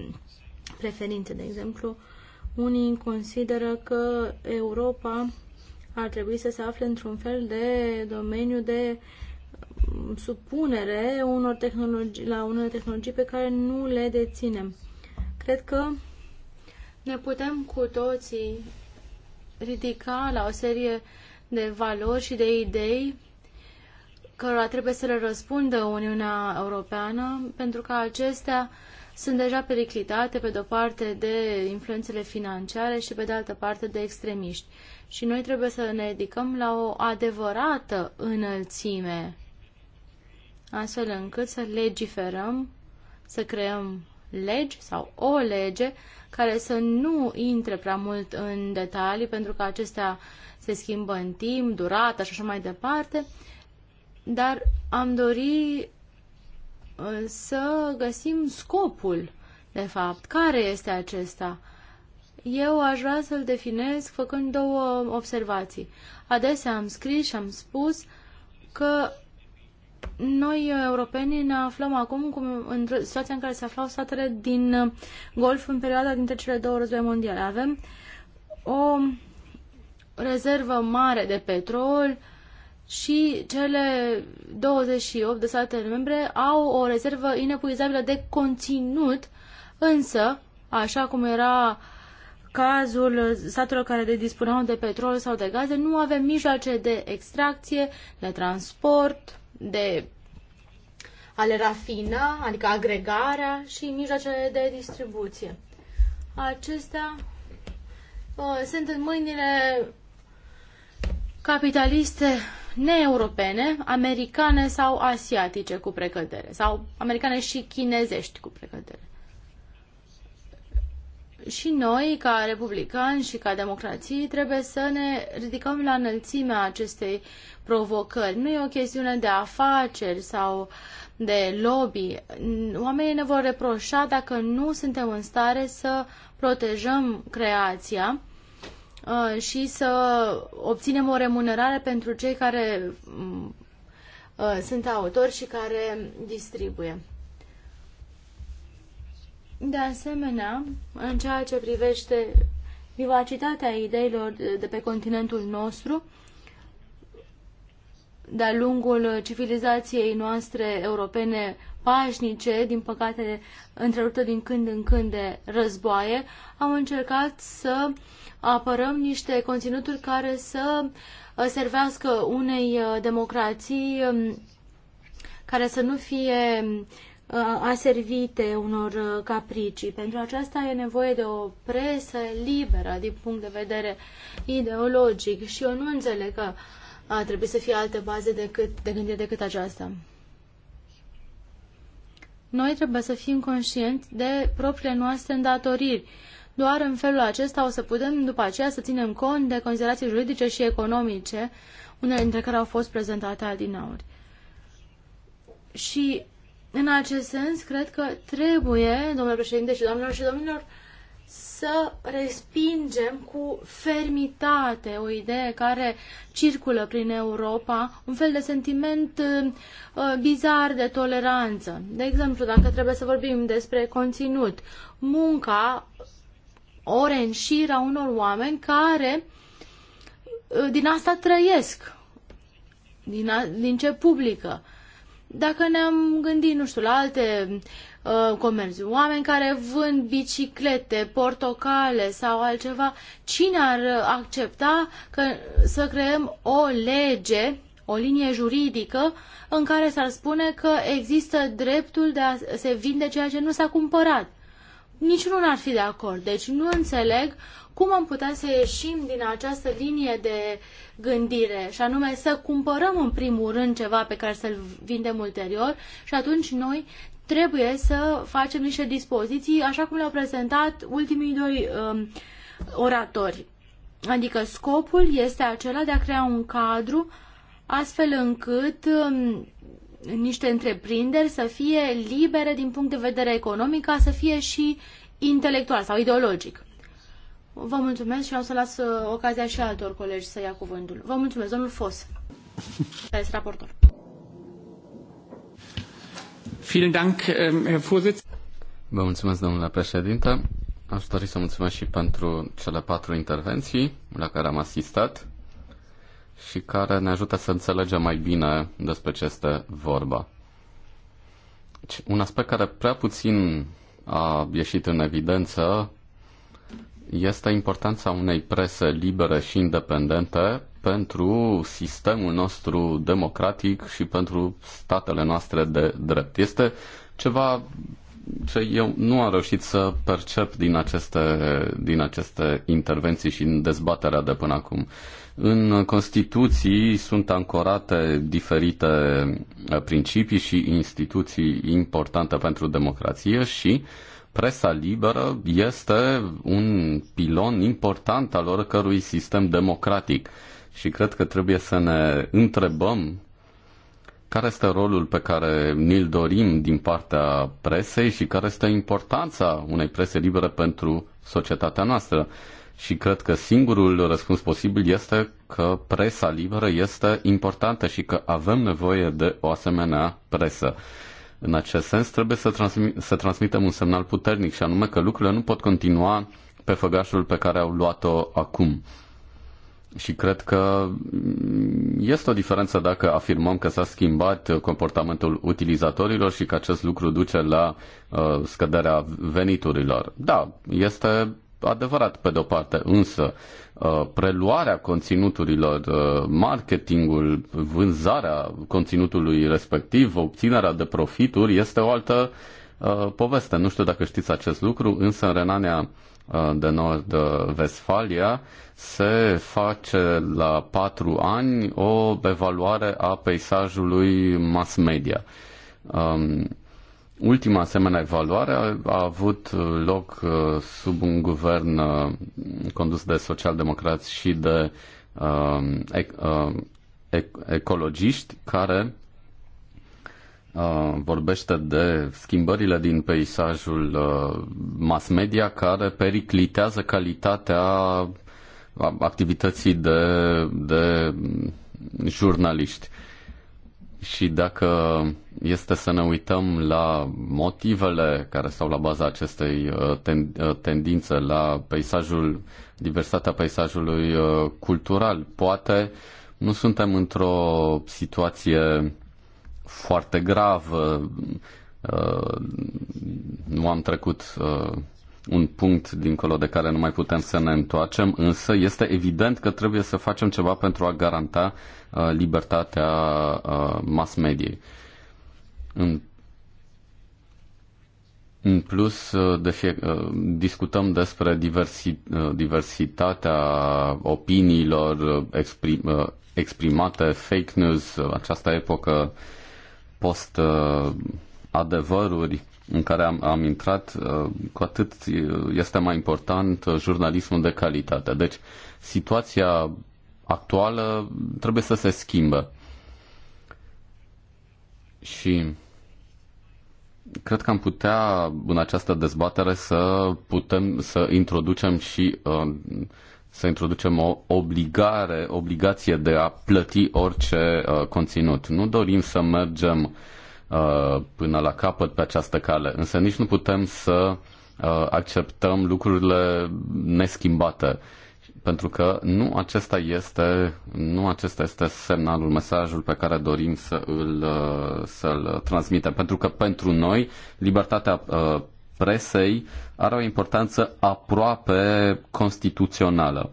preferințe. De exemplu, unii consideră că Europa ar trebui să se afle într-un fel de domeniu de um, supunere unor tehnologii, la unele tehnologii pe care nu le deținem. Cred că ne putem cu toții ridica la o serie de valori și de idei cărora trebuie să le răspundă Uniunea Europeană, pentru că acestea sunt deja periclitate, pe de-o parte, de influențele financiare și, pe de altă parte, de extremiști. Și noi trebuie să ne ridicăm la o adevărată înălțime, astfel încât să legiferăm, să creăm legi sau o lege care să nu intre prea mult în detalii, pentru că acestea se schimbă în timp, durată și așa mai departe, dar am dori uh, să găsim scopul, de fapt. Care este acesta? Eu aș vrea să-l definesc făcând două observații. Adesea am scris și am spus că noi, europenii, ne aflăm acum cum în situația în care se aflau statele din uh, Golf în perioada dintre cele două război mondiale. Avem o rezervă mare de petrol, și cele 28 de state membre au o rezervă inepuizabilă de conținut, însă, așa cum era cazul statelor care de dispuneau de petrol sau de gaze, nu avem mijloace de extracție, de transport, de a le rafina, adică agregarea și mijloacele de distribuție. Acestea uh, sunt în mâinile capitaliste neeuropene, americane sau asiatice cu precădere, sau americane și chinezești cu precădere. Și noi, ca republicani și ca democrații, trebuie să ne ridicăm la înălțimea acestei provocări. Nu e o chestiune de afaceri sau de lobby. Oamenii ne vor reproșa dacă nu suntem în stare să protejăm creația Uh, și să obținem o remunerare pentru cei care mm, uh, sunt autori și care distribuie. De asemenea, în ceea ce privește vivacitatea ideilor de pe continentul nostru, de-a lungul civilizației noastre europene pașnice, din păcate întreruptă din când în când de războaie, am încercat să apărăm niște conținuturi care să uh, servească unei uh, democrații um, care să nu fie uh, aservite unor capricii. Pentru aceasta e nevoie de o presă liberă din punct de vedere ideologic și eu nu înțeleg că trebuie să fie alte baze decât, de gândire decât aceasta. Noi trebuie să fim conștienți de propriile noastre îndatoriri. Doar în felul acesta o să putem după aceea să ținem cont de considerații juridice și economice, unele dintre care au fost prezentate adinauri. Și în acest sens, cred că trebuie, domnule președinte și doamnelor și domnilor, să respingem cu fermitate o idee care circulă prin Europa, un fel de sentiment uh, uh bizar de toleranță. De exemplu, dacă trebuie să vorbim despre conținut, munca, ore în șir a unor oameni care uh, din asta trăiesc, din, a, din ce publică. Dacă ne-am gândit, nu știu, la alte uh, uh, comerț. Oameni care vând biciclete, portocale sau altceva, cine ar accepta că, să creăm o lege, o linie juridică în care s-ar spune că există dreptul de a se vinde ceea ce nu s-a cumpărat? Niciunul n-ar fi de acord. Deci nu înțeleg cum am putea să ieșim din această linie de gândire și anume să cumpărăm în primul rând ceva pe care să-l vindem ulterior și atunci noi trebuie să facem niște dispoziții, așa cum le-au prezentat ultimii doi um, oratori. Adică scopul este acela de a crea un cadru astfel încât um, niște întreprinderi să fie libere din punct de vedere economic, ca să fie și intelectual sau ideologic. Vă mulțumesc și am să las uh, ocazia și altor colegi să ia cuvântul. Vă mulțumesc, domnul Fos. Este raportor. Vielen Dank, ähm, Herr Vă mulțumesc, domnule președinte. Aș dori să mulțumesc și pentru cele patru intervenții la care am asistat și care ne ajută să înțelegem mai bine despre ce este vorba. Deci, un aspect care prea puțin a ieșit în evidență este importanța unei prese libere și independente pentru sistemul nostru democratic și pentru statele noastre de drept. Este ceva ce eu nu am reușit să percep din aceste, din aceste intervenții și în dezbaterea de până acum. În Constituții sunt ancorate diferite eh, principii și instituții importante pentru democrație și uh, presa liberă este un pilon important al oricărui sistem democratic. Și cred că trebuie să ne întrebăm care este rolul pe care ni-l dorim din partea presei și care este importanța unei prese libere pentru societatea noastră. Și cred că singurul răspuns posibil este că presa liberă este importantă și că avem nevoie de o asemenea presă. În acest sens, trebuie să, transmi- să transmitem un semnal puternic și anume că lucrurile nu pot continua pe făgașul pe care au luat-o acum. Și cred că mm, este o diferență dacă afirmăm că s-a schimbat comportamentul utilizatorilor și că acest lucru duce la uh, scăderea veniturilor. Da, este adevărat pe de-o parte, însă Uh, preluarea conținuturilor, uh, marketingul, vânzarea conținutului respectiv, obținerea de profituri este o altă uh, poveste. Nu știu dacă știți acest lucru, însă în Renania de Nord-Vestfalia se face la patru ani o evaluare a peisajului mass media. Um, Ultima asemenea evaluare a, a avut uh, loc uh, sub un guvern uh, condus de socialdemocrați și de uh, ec, uh, ec, ecologiști care uh, vorbește de schimbările din peisajul uh, mass media care periclitează calitatea activității de, de mm, jurnaliști. Și dacă este să ne uităm la motivele care stau la baza acestei uh, uh, tendințe, la peisajul, diversitatea peisajului uh, cultural, poate nu suntem într-o situație foarte gravă, nu am trecut un punct dincolo de care nu mai putem să ne întoarcem, însă este evident că trebuie să facem ceva pentru a garanta uh, libertatea uh, mass mediei. În, în plus, uh, de fie, uh, discutăm despre diversi, uh, diversitatea opiniilor uh, exprim, uh, exprimate, fake news, uh, această epocă post-adevăruri în care am, am intrat, uh, cu atât uh, este mai important uh, jurnalismul de calitate. Deci, situația actuală trebuie să se schimbă. Și cred că am putea în această dezbatere să putem să introducem și să introducem o obligare, obligație de a plăti orice conținut. Nu dorim să mergem uh, Uh, până la capăt pe această cale, însă nici nu putem să uh, acceptăm lucrurile neschimbate pentru că nu acesta este, nu acesta este semnalul, mesajul pe care dorim să îl, uh, să-l transmitem. Pentru că pentru noi libertatea presei are o importanță aproape constituțională.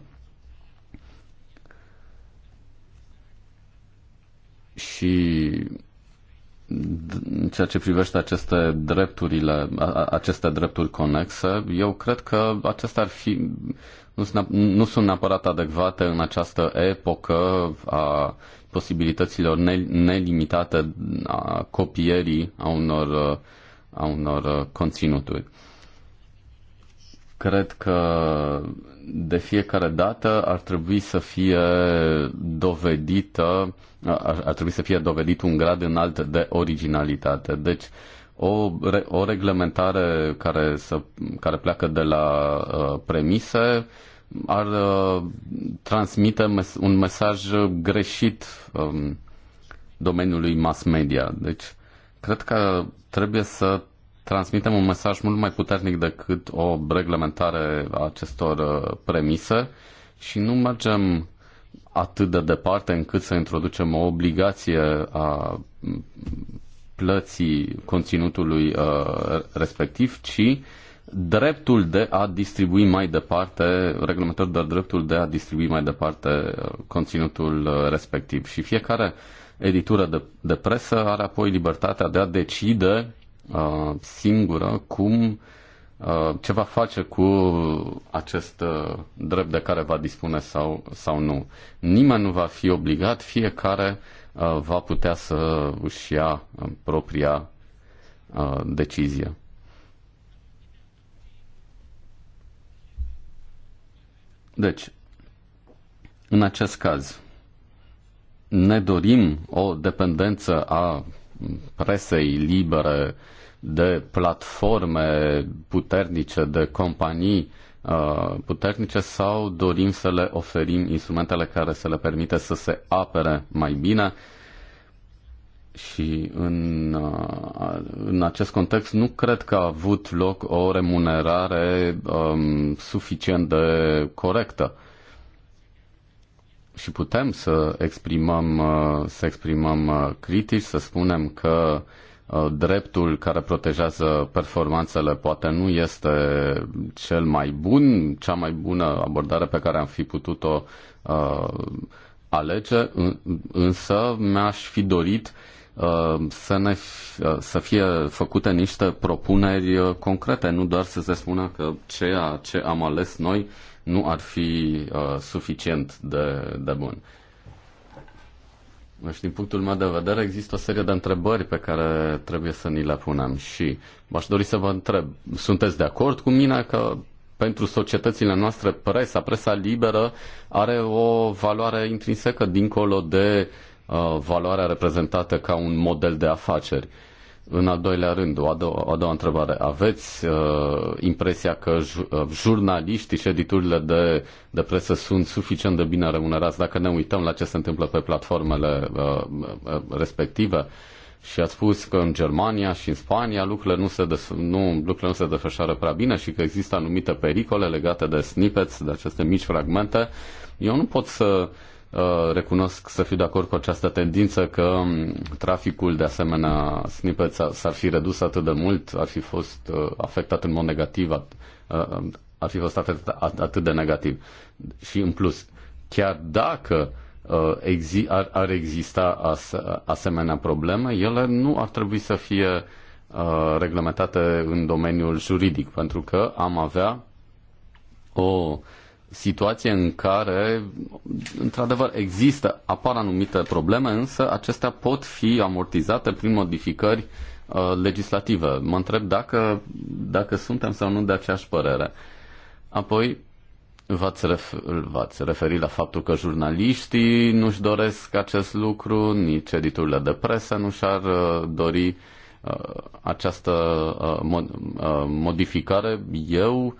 Și în ceea ce privește aceste drepturile, aceste drepturi conexe, eu cred că acestea ar fi nu sunt, neapărat adecvate în această epocă a posibilităților nelimitate a copierii a unor, a unor conținuturi. Cred că de fiecare dată ar trebui să fie dovedită, ar, ar trebui să fie dovedit un grad înalt de originalitate. Deci, o, o reglementare care, să, care pleacă de la uh, premise ar uh, transmite mes- un mesaj greșit um, domeniului mass media. Deci, cred că trebuie să transmitem un mesaj mult mai puternic decât o reglementare a acestor uh, premise și nu mergem atât de departe încât să introducem o obligație a mm, plății conținutului uh, respectiv, ci dreptul de a distribui mai departe, reglementări de dreptul de a distribui mai departe uh, conținutul uh, respectiv. Și fiecare editură de, de presă are apoi libertatea de a decide Uh, singură cum uh, ce va face cu acest uh, drept de care va dispune sau, sau nu. Nimeni nu va fi obligat, fiecare va putea să își ia propria decizie. Deci, în acest caz, ne dorim o dependență a presei libere, de platforme puternice, de companii uh, puternice sau dorim să le oferim instrumentele care să le permite să se apere mai bine și în, uh, în acest context nu cred că a avut loc o remunerare um, suficient de corectă și putem să exprimăm, uh, să exprimăm critici, să spunem că uh, Uh, dreptul care protejează performanțele poate nu este cel mai bun, cea mai bună abordare pe care am fi putut-o uh, alege, însă mi-aș fi dorit uh, să, ne, uh, să fie făcute niște propuneri concrete, nu doar să se spună că ceea ce am ales noi nu ar fi uh, suficient de, de bun. Deci, din punctul meu de vedere, există o serie de întrebări pe care trebuie să ni le punem și aș dori să vă întreb, sunteți de acord cu mine că pentru societățile noastre presa, presa liberă, are o valoare intrinsecă dincolo de uh, valoarea reprezentată ca un model de afaceri? Uh, în al doilea rând, o a doua, o a doua întrebare. Aveți uh, impresia că j- uh, jurnaliștii și editurile de, de presă sunt suficient de bine remunerați dacă ne uităm la ce se întâmplă pe platformele uh, uh respective? Și ați spus că în Germania și în Spania lucrurile nu se, des- nu, lucrurile nu se desfășoară prea bine și că există anumite pericole legate de snippets, de aceste mici fragmente. Eu nu pot să uh, Uh, recunosc să fiu de acord cu această tendință că um, traficul de asemenea snippets s-ar fi redus atât de mult, ar fi fost uh, afectat în mod negativ, uh, um, ar fi fost atât, atât de negativ. Și în plus, chiar dacă ar, ar exista asemenea probleme, ele nu ar trebui să fie reglementate în domeniul juridic, pentru că am avea o situație în care, într-adevăr, există, apar anumite probleme, însă acestea pot fi amortizate prin modificări uh, legislative. Mă întreb dacă, dacă suntem sau nu de aceeași părere. Apoi, V-ați, ref- v-ați referit la faptul că jurnaliștii nu-și doresc acest lucru, nici editurile de presă nu și-ar uh, dori uh, această uh, modificare. Eu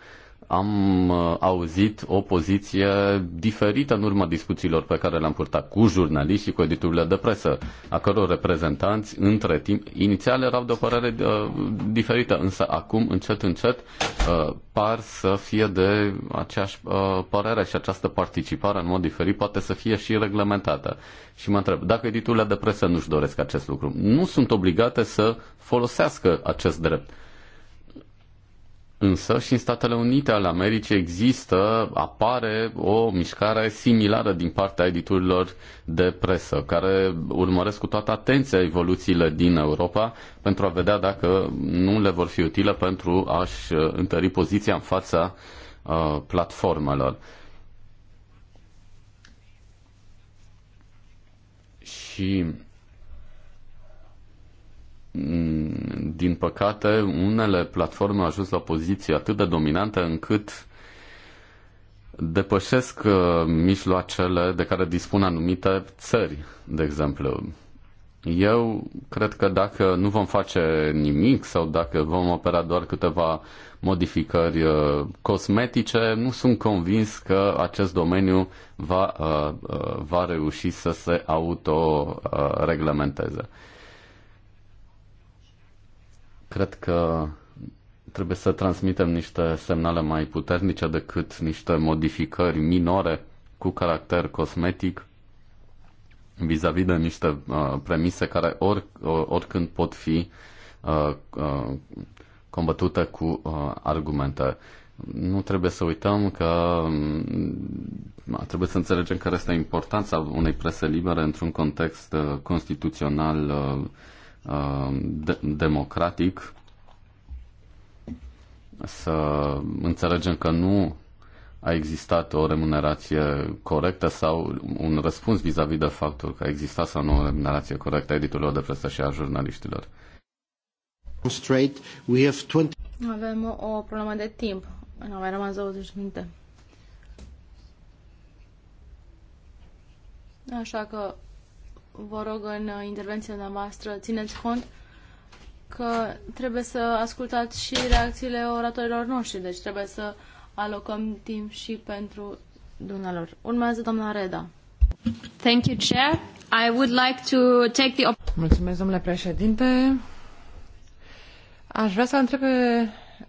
am uh, auzit o poziție diferită în urma discuțiilor pe care le-am purtat cu jurnaliștii, cu editurile de presă, a căror reprezentanți, între timp, inițial erau de o părere uh, diferită, însă acum, încet, încet, uh, par să fie de aceeași uh, părere și această participare în mod diferit poate să fie și reglementată. Și mă întreb, dacă editurile de presă nu-și doresc acest lucru, nu sunt obligate să folosească acest drept Însă și în Statele Unite ale Americii există, apare o mișcare similară din partea editurilor de presă, care urmăresc cu toată atenția evoluțiile din Europa pentru a vedea dacă nu le vor fi utile pentru a-și uh, întări poziția în fața uh, platformelor. Și Mm, din păcate, unele platforme au ajuns la poziții atât de dominante încât depășesc uh, mijloacele de care dispun anumite țări, de exemplu. Eu cred că dacă nu vom face nimic sau dacă vom opera doar câteva modificări uh, cosmetice, nu sunt convins că acest domeniu va, uh, va reuși să se autoreglementeze cred că trebuie să transmitem niște semnale mai puternice decât niște modificări minore cu caracter cosmetic vis-a-vis -vis de niște uh, premise care or, or uh, oricând pot fi uh, uh, combătute cu uh, argumente. Nu trebuie să uităm că mm, trebuie să înțelegem care este importanța unei prese libere într-un context uh, constituțional uh, Uh, democratic, să înțelegem că nu a existat o remunerație corectă sau un răspuns vis-a-vis -vis de faptul că a existat sau nu o remunerație corectă a editorilor de presă și a jurnaliștilor. Avem o, o problemă de timp. Nu mai rămas 20 minute. Așa că vă rog în uh, intervenția noastră, țineți cont că trebuie să ascultați și reacțiile oratorilor noștri, deci trebuie să alocăm timp și pentru dumnealor. Urmează doamna Reda. Thank you, Chair. I would like to take the... Mulțumesc, domnule președinte. Aș vrea să întreb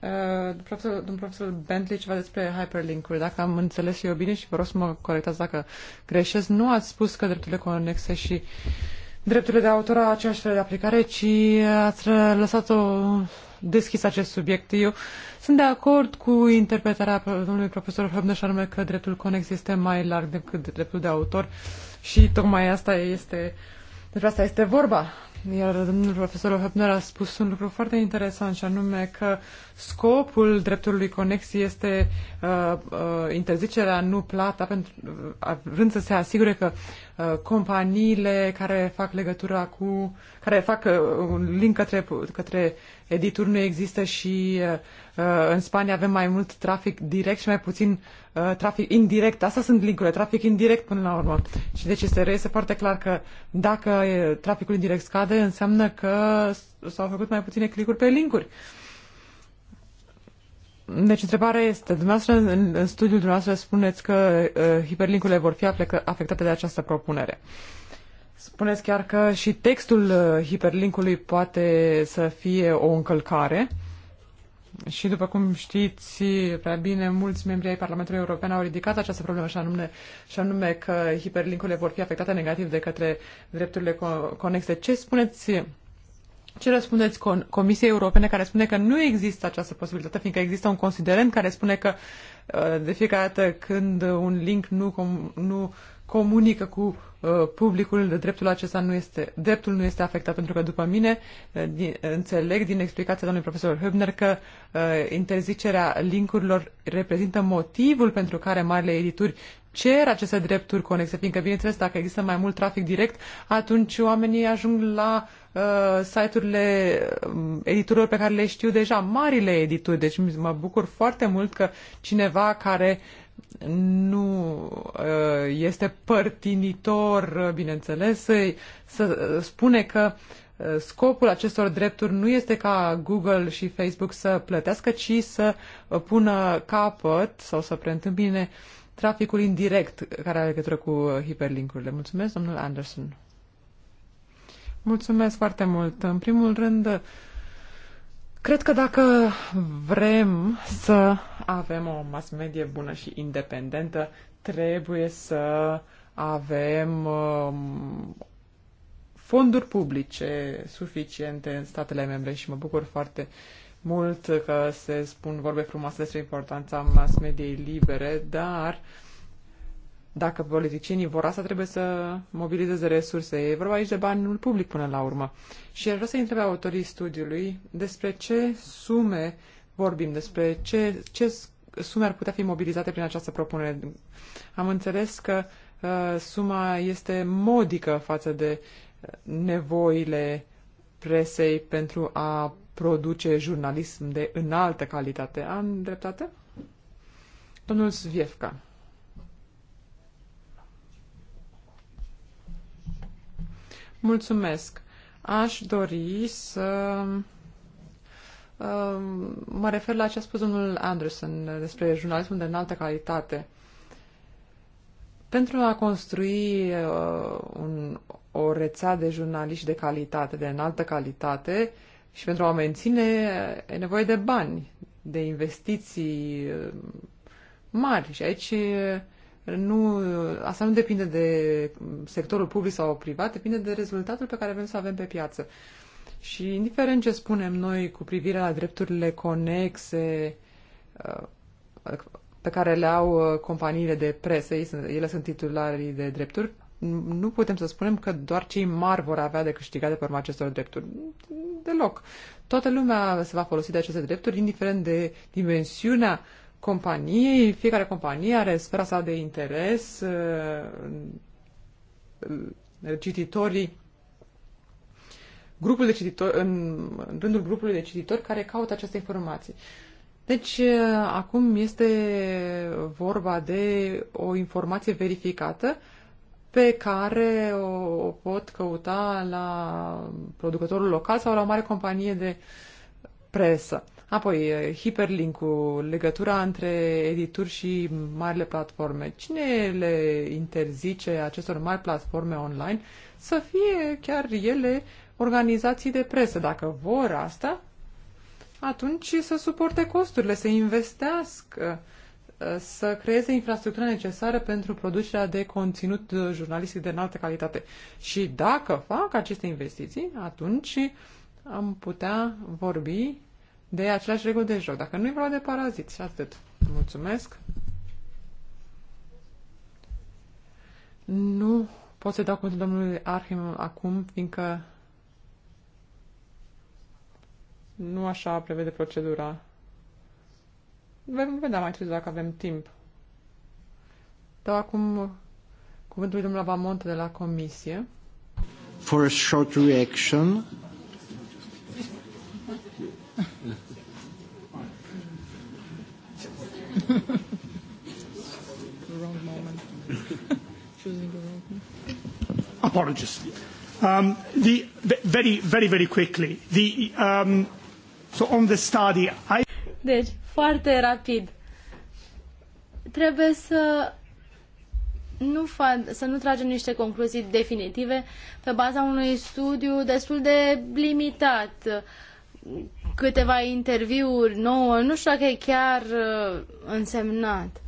Eh, profesor, domnul profesor Bentley ceva despre hyperlink-uri. Dacă am înțeles eu bine și vă rog să mă corectați dacă greșesc, nu ați spus că drepturile conexe și drepturile de autor au aceeași fel de aplicare, ci ați lăsat-o deschis acest subiect. Eu sunt de acord cu interpretarea domnului profesor Hăbnă și anume că dreptul conex este mai larg decât dreptul de autor și tocmai asta este, despre asta este vorba. Iar domnul profesor Höppner a spus un lucru foarte interesant și anume că Scopul dreptului conexii este uh, uh, interzicerea, nu plata, pentru, uh, vrând să se asigure că uh, companiile care fac legătura cu, care fac uh, un link către, către edituri nu există și uh, uh, în Spania avem mai mult trafic direct și mai puțin uh, trafic indirect. Asta sunt linkurile, trafic indirect până la urmă. Și deci este, reiese foarte clar că dacă uh, traficul indirect scade, înseamnă că s-au făcut mai puține clicuri pe linkuri. Deci, întrebarea este, dumneavoastră, în, în studiul dumneavoastră spuneți că uh, hiperlinkurile vor fi afectate de această propunere. Spuneți chiar că și textul uh, hiperlinkului poate să fie o încălcare. Și după cum știți prea bine, mulți membri ai Parlamentului European au ridicat această problemă și anume, și anume că hiperlinkurile vor fi afectate negativ de către drepturile conexe. Ce spuneți ce răspundeți Comisiei Europene care spune că nu există această posibilitate, fiindcă există un considerent care spune că uh, de fiecare dată când un link nu, com- nu comunică cu uh, publicul, dreptul acesta nu este, dreptul nu este afectat, pentru că după mine uh, din, înțeleg din explicația domnului profesor Hübner că uh, interzicerea linkurilor reprezintă motivul pentru care marile edituri cer aceste drepturi conexe, fiindcă, bineînțeles, dacă există mai mult trafic direct, atunci oamenii ajung la uh, site-urile um, editurilor pe care le știu deja, marile edituri. Deci mă bucur foarte mult că cineva care nu uh, este părtinitor, uh, bineînțeles, să, să uh, spune că uh, scopul acestor drepturi nu este ca Google și Facebook să plătească, ci să pună capăt sau să preîntâmpine traficul indirect care are legătură cu hiperlinkurile. Mulțumesc, domnul Anderson. Mulțumesc foarte mult. În primul rând, cred că dacă vrem să avem o mass media bună și independentă, trebuie să avem um, fonduri publice suficiente în statele membre și mă bucur foarte mult că se spun vorbe frumoase despre importanța mass mediei libere, dar uh, dacă politicienii vor asta, trebuie să mobilizeze resurse. E vorba aici de banul public până la urmă. Și aș vrea să întreb autorii studiului despre ce sume vorbim, despre ce, ce sume ar putea fi mobilizate prin această propunere. Am înțeles că uh, suma este modică față de uh, nevoile presei pentru a produce jurnalism de înaltă calitate. Am dreptate? Domnul Sviefka. Mulțumesc. Aș dori să um, mă refer la ce a spus domnul Anderson despre jurnalismul de înaltă calitate. Pentru a construi uh, un, o rețea de jurnaliști de calitate, de înaltă calitate și pentru a o menține, e nevoie de bani, de investiții uh, mari. Și aici nu, asta nu depinde de sectorul public sau privat, depinde de rezultatul pe care vrem să avem pe piață. Și indiferent ce spunem noi cu privire la drepturile conexe uh, pe care le au uh, companiile de presă, ele sunt titularii de drepturi, nu putem să spunem că doar cei mari vor avea de câștigat de pe urma acestor drepturi. Deloc. Toată lumea se va folosi de aceste drepturi, indiferent de dimensiunea companiei. Fiecare companie are sfera sa de interes. Uh, cititorii grupul de cititori, în, în rândul grupului de cititori care caută aceste informații. Deci, uh, acum este vorba de o informație verificată pe care o, o pot căuta la producătorul local sau la o mare companie de presă. Apoi, hiperlink-ul, legătura între edituri și marile platforme. Cine le interzice acestor mari platforme online să fie chiar ele organizații de presă? Dacă vor asta, atunci să suporte costurile, să investească, să creeze infrastructura necesară pentru producerea de conținut jurnalistic de înaltă calitate. Și dacă fac aceste investiții, atunci am putea vorbi de același reguli de joc. Dacă nu e vorba de paraziți, atât. Mulțumesc. Nu pot să dau cuvântul domnului Arhim acum, fiindcă nu așa prevede procedura. Vom vedea mai târziu dacă avem timp. Dau acum cuvântul domnului Bamonte de la Comisie. For a short reaction, Apologies. Um, the, very, very, very quickly. The, um, so on the study, I... Deci, foarte rapid. Trebuie să nu fac, să nu tragem niște concluzii definitive pe baza unui studiu destul de limitat. Câteva interviuri nouă, nu știu dacă e chiar uh, însemnat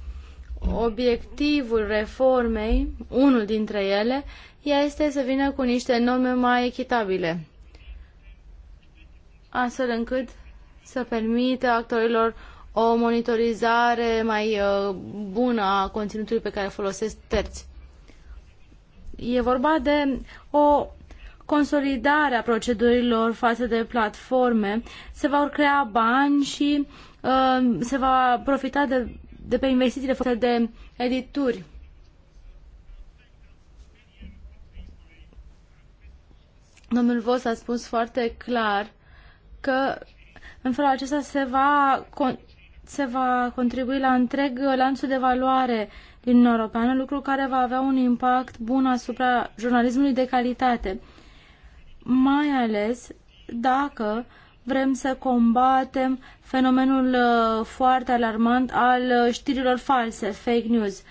obiectivul reformei, unul dintre ele, ea este să vină cu niște nume mai echitabile, astfel încât să permită actorilor o monitorizare mai uh, bună a conținutului pe care îl folosesc terți. E vorba de o consolidare a procedurilor față de platforme. Se vor crea bani și uh, se va profita de de pe investițiile făcute de edituri. Domnul Vos a spus foarte clar că în felul acesta se va, se va contribui la întreg lanțul de valoare din Uniunea Europeană, lucru care va avea un impact bun asupra jurnalismului de calitate, mai ales dacă vrem să combatem fenomenul uh, foarte alarmant al uh, știrilor false, fake news.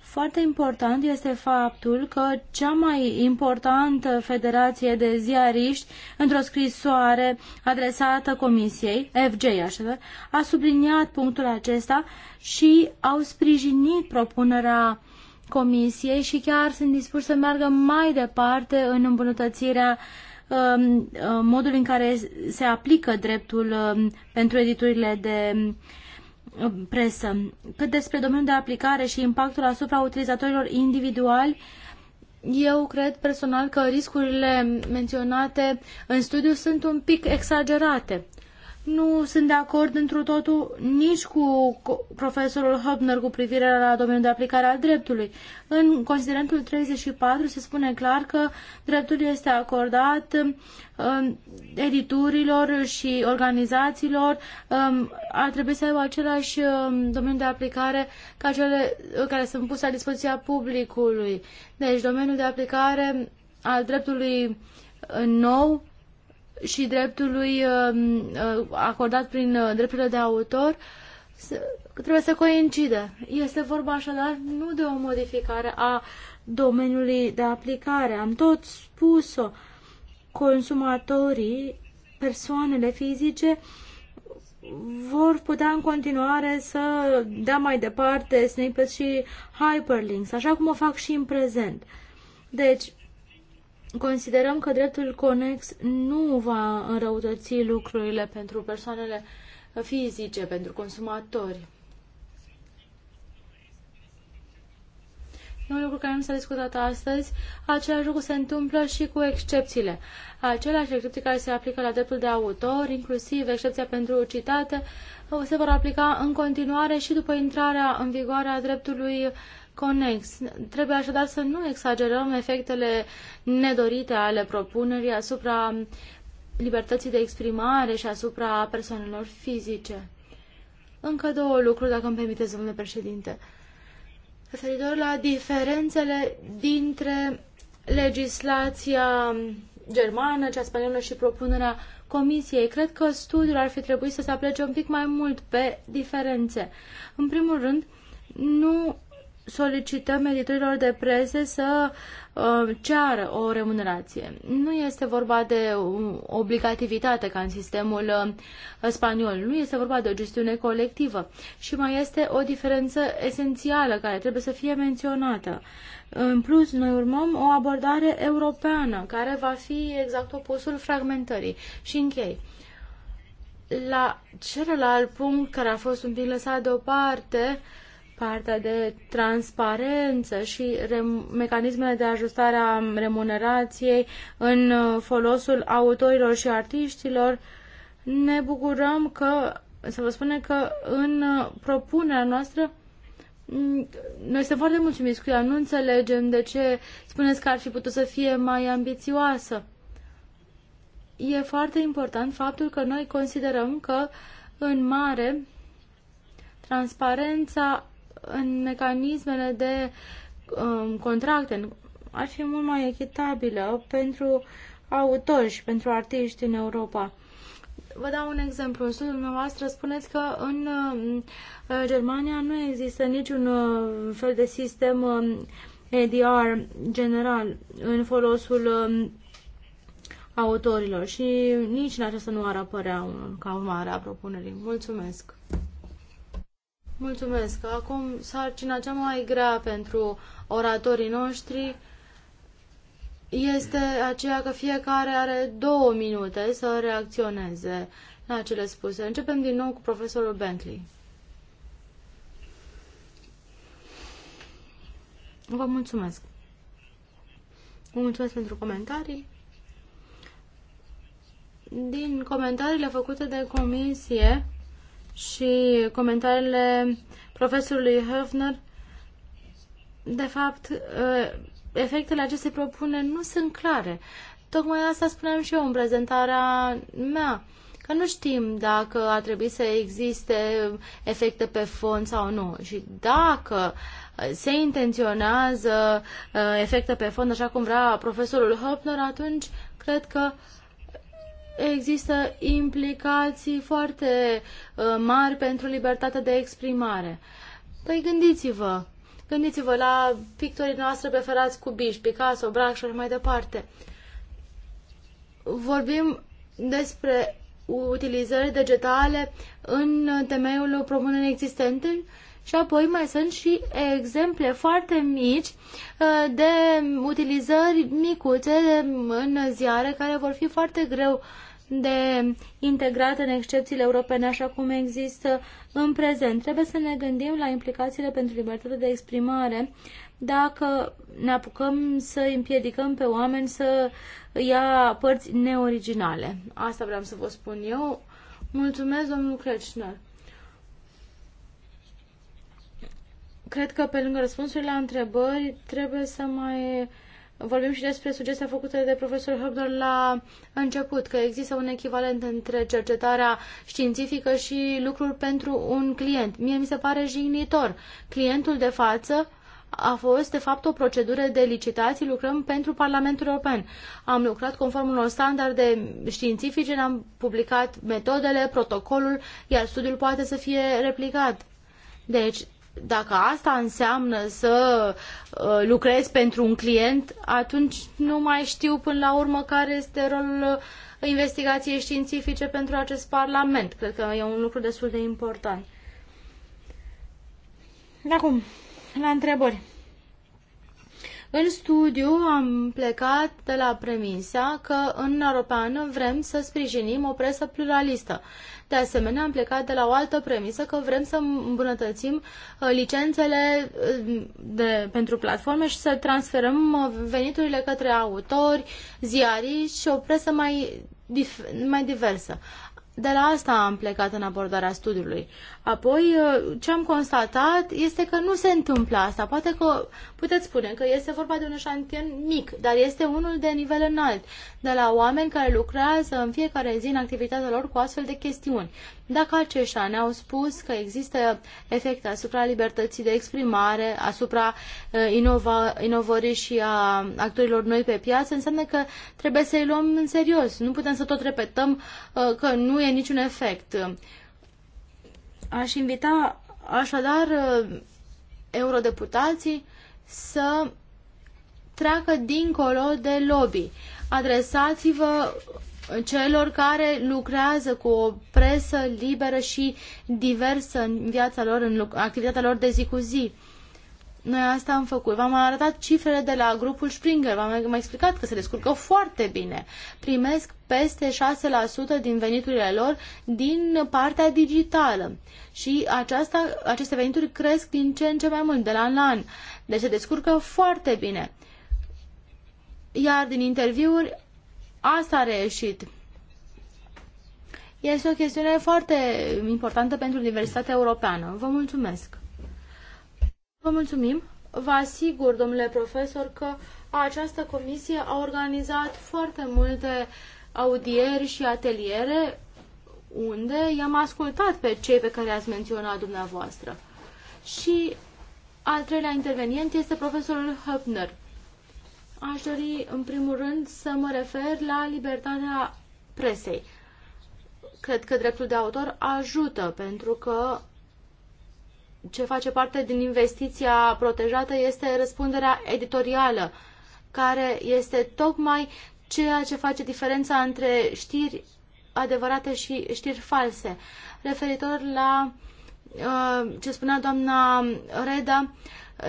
Foarte important este faptul că cea mai importantă federație de ziariști, într-o scrisoare adresată Comisiei, FJ, așa, a subliniat punctul acesta și au sprijinit propunerea Comisiei și chiar sunt dispuși să meargă mai departe în îmbunătățirea uh, Um, uh, modul în care se aplică dreptul um, pentru editurile de um, presă. Cât despre domeniul de aplicare și impactul asupra utilizatorilor individuali, eu cred personal că riscurile menționate în studiu sunt un pic exagerate. Nu sunt de acord într-o totul nici cu profesorul Hubner cu privire la domeniul de aplicare al dreptului. În considerentul 34 se spune clar că dreptul este acordat um, editurilor și organizațiilor. Um, ar trebui să aibă același um, domeniu de aplicare ca cele uh, care sunt puse la dispoziția publicului. Deci domeniul de aplicare al dreptului uh, nou și dreptului um, uh, acordat prin uh, drepturile de autor trebuie să coincide. Este vorba așadar nu de o modificare a domeniului de aplicare. Am tot spus-o. Consumatorii, persoanele fizice, vor putea în continuare să dea mai departe snippets și hyperlinks, așa cum o fac și în prezent. Deci, Considerăm că dreptul conex nu va înrăutăți lucrurile pentru persoanele fizice, pentru consumatori. E un lucru care nu s-a discutat astăzi. Același lucru se întâmplă și cu excepțiile. Aceleași excepții care se aplică la dreptul de autor, inclusiv excepția pentru citate, se vor aplica în continuare și după intrarea în vigoare a dreptului conex. Trebuie așadar să nu exagerăm efectele nedorite ale propunerii asupra libertății de exprimare și asupra persoanelor fizice. Încă două lucruri, dacă îmi permiteți, domnule președinte. Referitor la diferențele dintre legislația germană, cea spaniolă și propunerea Comisiei. Cred că studiul ar fi trebuit să se aplece un pic mai mult pe diferențe. În primul rând, nu solicităm editorilor de presă să uh, ceară o remunerație. Nu este vorba de um, obligativitate ca în sistemul uh, spaniol, nu este vorba de o gestiune colectivă și mai este o diferență esențială care trebuie să fie menționată. În plus, noi urmăm o abordare europeană care va fi exact opusul fragmentării. Și închei la celălalt punct care a fost un pic lăsat deoparte, partea de transparență și mecanismele de ajustare a remunerației în uh, folosul autorilor și artiștilor, ne bucurăm că, să vă spunem că în uh, propunerea noastră mm, noi suntem foarte mulțumiți cu ea, nu înțelegem de ce spuneți că ar fi putut să fie mai ambițioasă. E foarte important faptul că noi considerăm că, în mare, transparența în mecanismele de um, contracte ar fi mult mai echitabilă pentru autori și pentru artiști în Europa. Vă dau un exemplu. În studiul dumneavoastră spuneți că în um, uh, Germania nu există niciun uh, fel de sistem um, EDR general în folosul um, autorilor și nici în acesta nu ar apărea ca urmare a propunerii. Mulțumesc! Mulțumesc. Acum sarcina cea mai grea pentru oratorii noștri este aceea că fiecare are două minute să reacționeze la cele spuse. Începem din nou cu profesorul Bentley. Vă mulțumesc. Vă mulțumesc pentru comentarii. Din comentariile făcute de comisie, și comentariile profesorului Höfner, de fapt, uh, efectele acestei propuneri nu sunt clare. Tocmai asta spuneam și eu în prezentarea mea, că nu știm dacă ar trebui să existe efecte pe fond sau nu. Și dacă se intenționează uh, efecte pe fond, așa cum vrea profesorul Höfner, atunci cred că uh, există implicații foarte uh, mari pentru libertatea de exprimare. Păi gândiți-vă, gândiți-vă la pictorii noastre preferați cu Biș, Picasso, Brac și așa mai departe. Vorbim despre utilizări degetale în temeiul propunerii existente și apoi mai sunt și exemple foarte mici uh, de utilizări micuțe în ziare care vor fi foarte greu de integrate în excepțiile europene, așa cum există în prezent. Trebuie să ne gândim la implicațiile pentru libertatea de exprimare dacă ne apucăm să împiedicăm pe oameni să ia părți neoriginale. Asta vreau să vă spun eu. Mulțumesc, domnul Kretschner. Cred că pe lângă răspunsurile la întrebări trebuie să mai Vorbim și despre sugestia făcută de profesor Herbner la început, că există un echivalent între cercetarea științifică și lucrul pentru un client. Mie mi se pare jignitor. Clientul de față a fost, de fapt, o procedură de licitații. Lucrăm pentru Parlamentul European. Am lucrat conform unor standarde științifice, am publicat metodele, protocolul, iar studiul poate să fie replicat. Deci, dacă asta înseamnă să uh, lucrezi pentru un client, atunci nu mai știu până la urmă care este rolul uh, investigației științifice pentru acest Parlament. Cred că e un lucru destul de important. Acum, la întrebări. În studiu am plecat de la premisa că în Europeană vrem să sprijinim o presă pluralistă. De asemenea, am plecat de la o altă premisă că vrem să îmbunătățim uh, licențele uh, de, pentru platforme și să transferăm uh, veniturile către autori, ziariști și o presă mai, dif, mai diversă. De la asta am plecat în abordarea studiului. Apoi, ce am constatat este că nu se întâmplă asta. Poate că puteți spune că este vorba de un șantier mic, dar este unul de nivel înalt, de la oameni care lucrează în fiecare zi în activitatea lor cu astfel de chestiuni. Dacă aceștia ne-au spus că există efecte asupra libertății de exprimare, asupra inova, inovării și a actorilor noi pe piață, înseamnă că trebuie să-i luăm în serios. Nu putem să tot repetăm că nu e niciun efect. Aș invita așadar eurodeputații să treacă dincolo de lobby. Adresați-vă celor care lucrează cu o presă liberă și diversă în viața lor, în activitatea lor de zi cu zi. Noi asta am făcut. V-am arătat cifrele de la grupul Springer, v-am explicat că se descurcă foarte bine. Primesc peste 6% din veniturile lor din partea digitală. Și aceasta, aceste venituri cresc din ce în ce mai mult, de la an la an. Deci se descurcă foarte bine. Iar din interviuri, asta a reieșit. Este o chestiune foarte importantă pentru diversitatea europeană. Vă mulțumesc! Vă mulțumim. Vă asigur, domnule profesor, că această comisie a organizat foarte multe audieri și ateliere unde i-am ascultat pe cei pe care ați menționat dumneavoastră. Și al treilea intervenient este profesorul Höpner. Aș dori, în primul rând, să mă refer la libertatea presei. Cred că dreptul de autor ajută, pentru că ce face parte din investiția protejată este răspunderea editorială, care este tocmai ceea ce face diferența între știri adevărate și știri false. Referitor la uh, ce spunea doamna Reda,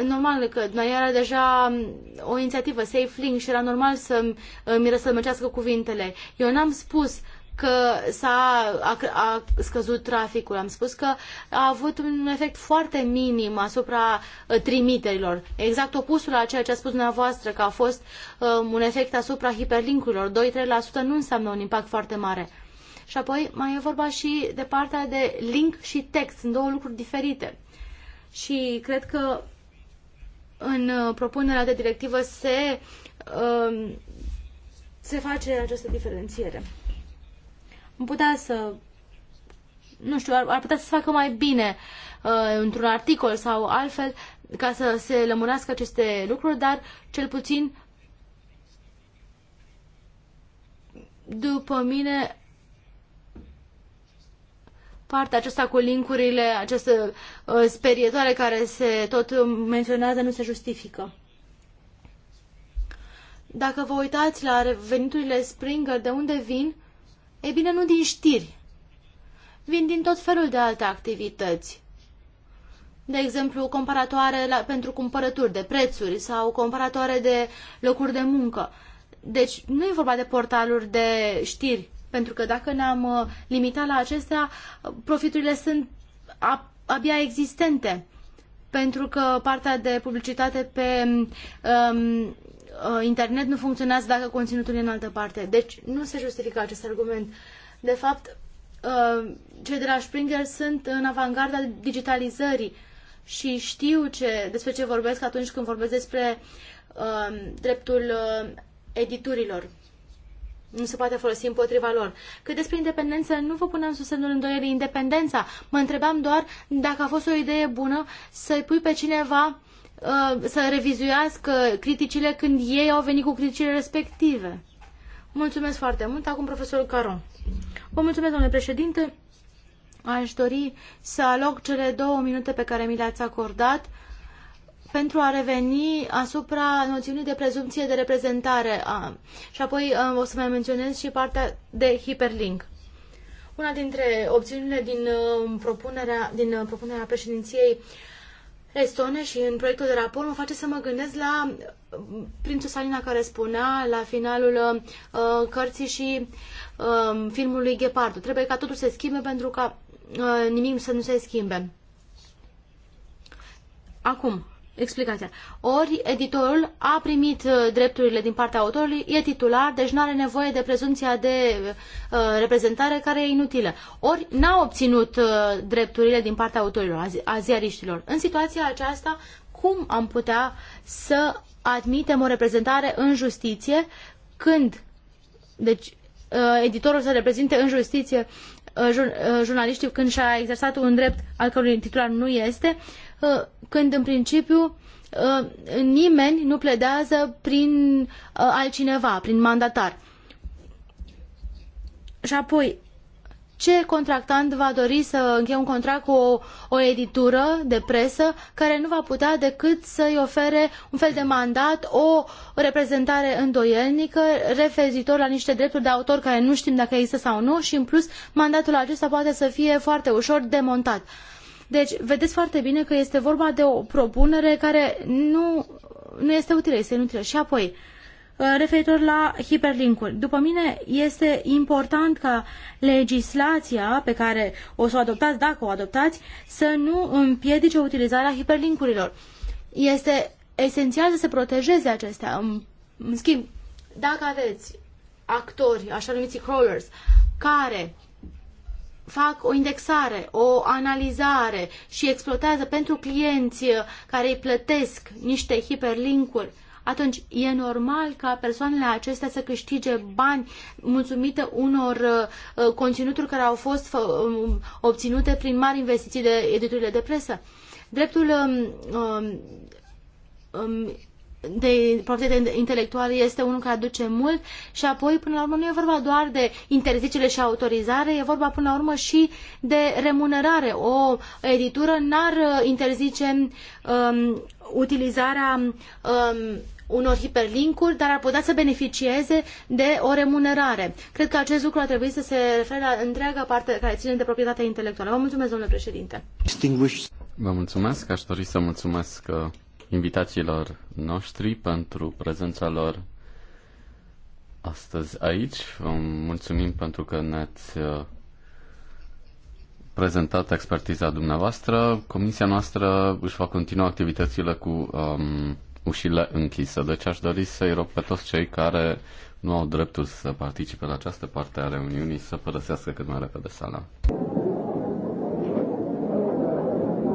normal că noi era deja o inițiativă, Safe Link, și era normal să uh, mi răsălmăcească cuvintele. Eu n-am spus uh, că s-a a, a scăzut traficul. Am spus că a avut un efect foarte minim asupra uh, trimiterilor. Exact opusul a ceea ce a spus dumneavoastră, că a fost uh, un efect asupra hiperlinkurilor. 2-3% nu înseamnă un impact foarte mare. Și apoi mai e vorba și de partea de link și text. Sunt două lucruri diferite. Și cred că în uh, propunerea de directivă se, se face această diferențiere putea să nu știu, ar, ar putea să facă mai bine uh, într-un articol sau altfel ca să se lămânească aceste lucruri, dar cel puțin după mine partea aceasta cu linkurile, această uh, sperietoare care se tot menționează, nu se justifică. Dacă vă uitați la veniturile Springer, de unde vin, uh, ei bine, nu din știri. Vin din tot felul de alte activități. De exemplu, comparatoare la, pentru cumpărături de prețuri sau comparatoare de locuri de muncă. Deci nu e vorba de portaluri de știri, pentru că dacă ne-am uh, limitat la acestea, uh, profiturile sunt abia existente pentru că partea de publicitate pe um, Uh, internet nu funcționează dacă conținutul e în altă parte. Deci nu se justifică acest argument. De fapt, uh, cei de la Springer sunt în avangarda digitalizării și știu ce, despre ce vorbesc atunci când vorbesc despre uh, dreptul uh, editurilor. Nu se poate folosi împotriva lor. Cât despre independență, nu vă puneam sub semnul îndoielii independența. Mă întrebam doar dacă a fost o idee bună să-i pui pe cineva Uh, să revizuiască criticile când ei au venit cu criticile respective. Mulțumesc foarte mult. Acum profesorul Caron. Vă mulțumesc, domnule președinte. Aș dori să aloc cele două minute pe care mi le-ați acordat pentru a reveni asupra noțiunii de prezumție de reprezentare a, și apoi uh, o să mai menționez și partea de hiperlink. Una dintre opțiunile din uh, propunerea, din propunerea președinției estone și în proiectul de raport mă face să mă gândesc la prințul Salina care spunea la finalul uh, cărții și uh, filmului Ghepardul. Trebuie ca totul să se schimbe pentru ca uh, nimic să nu se schimbe. Acum, explicația. Ori editorul a primit uh, drepturile din partea autorului, e titular, deci nu are nevoie de prezumția de uh, reprezentare care e inutilă. Ori n-a obținut uh, drepturile din partea autorilor, a, ziariștilor. În situația aceasta, cum am putea să admitem o reprezentare în justiție când deci, uh, editorul să reprezinte în justiție uh, uh, jurnaliștii când și-a exersat un drept al cărui titular nu este, Uh, când în principiu uh, nimeni nu pledează prin uh, altcineva, prin mandatar. Și apoi, ce contractant va dori să încheie un contract cu o, o editură de presă care nu va putea decât să-i ofere un fel de mandat, o reprezentare îndoielnică referitor la niște drepturi de autor care nu știm dacă există sau nu și în plus mandatul acesta poate să fie foarte ușor demontat. Uh, deci, vedeți foarte bine că este vorba de o propunere care nu, nu este utilă, este inutilă. Și apoi, uh, referitor la hiperlinkuri. După mine, este important ca legislația pe care o să o adoptați, dacă o adoptați, să nu împiedice utilizarea hiperlinkurilor. Este esențial să se protejeze acestea. În schimb, dacă aveți actori, așa numiți crawlers, care fac o indexare, o analizare și exploatează pentru clienți care îi plătesc niște hiperlinkuri, atunci e normal ca persoanele acestea să câștige bani mulțumite unor uh, conținuturi care au fost um, obținute prin mari investiții de editurile de presă. Dreptul um, um, um de proprietate intelectuală este unul care aduce mult și apoi, până la urmă, nu e vorba doar de interzicere și autorizare, e vorba până la urmă și de remunerare. O editură n-ar uh, interzice um, utilizarea um, unor hiperlinkuri, dar ar putea să beneficieze de o remunerare. Cred că acest lucru ar trebui să se refere la întreaga parte care ține de proprietatea intelectuală. Vă mulțumesc, domnule președinte. Vă mulțumesc. Aș dori să mulțumesc uh, invitațiilor noștri pentru prezența lor astăzi aici. Vă mulțumim pentru că ne-ați uh, prezentat expertiza dumneavoastră. Comisia noastră își va continua activitățile cu um, ușile închise, deci aș dori să-i rog pe toți cei care nu au dreptul să participe la această parte a reuniunii să părăsească cât mai repede sala.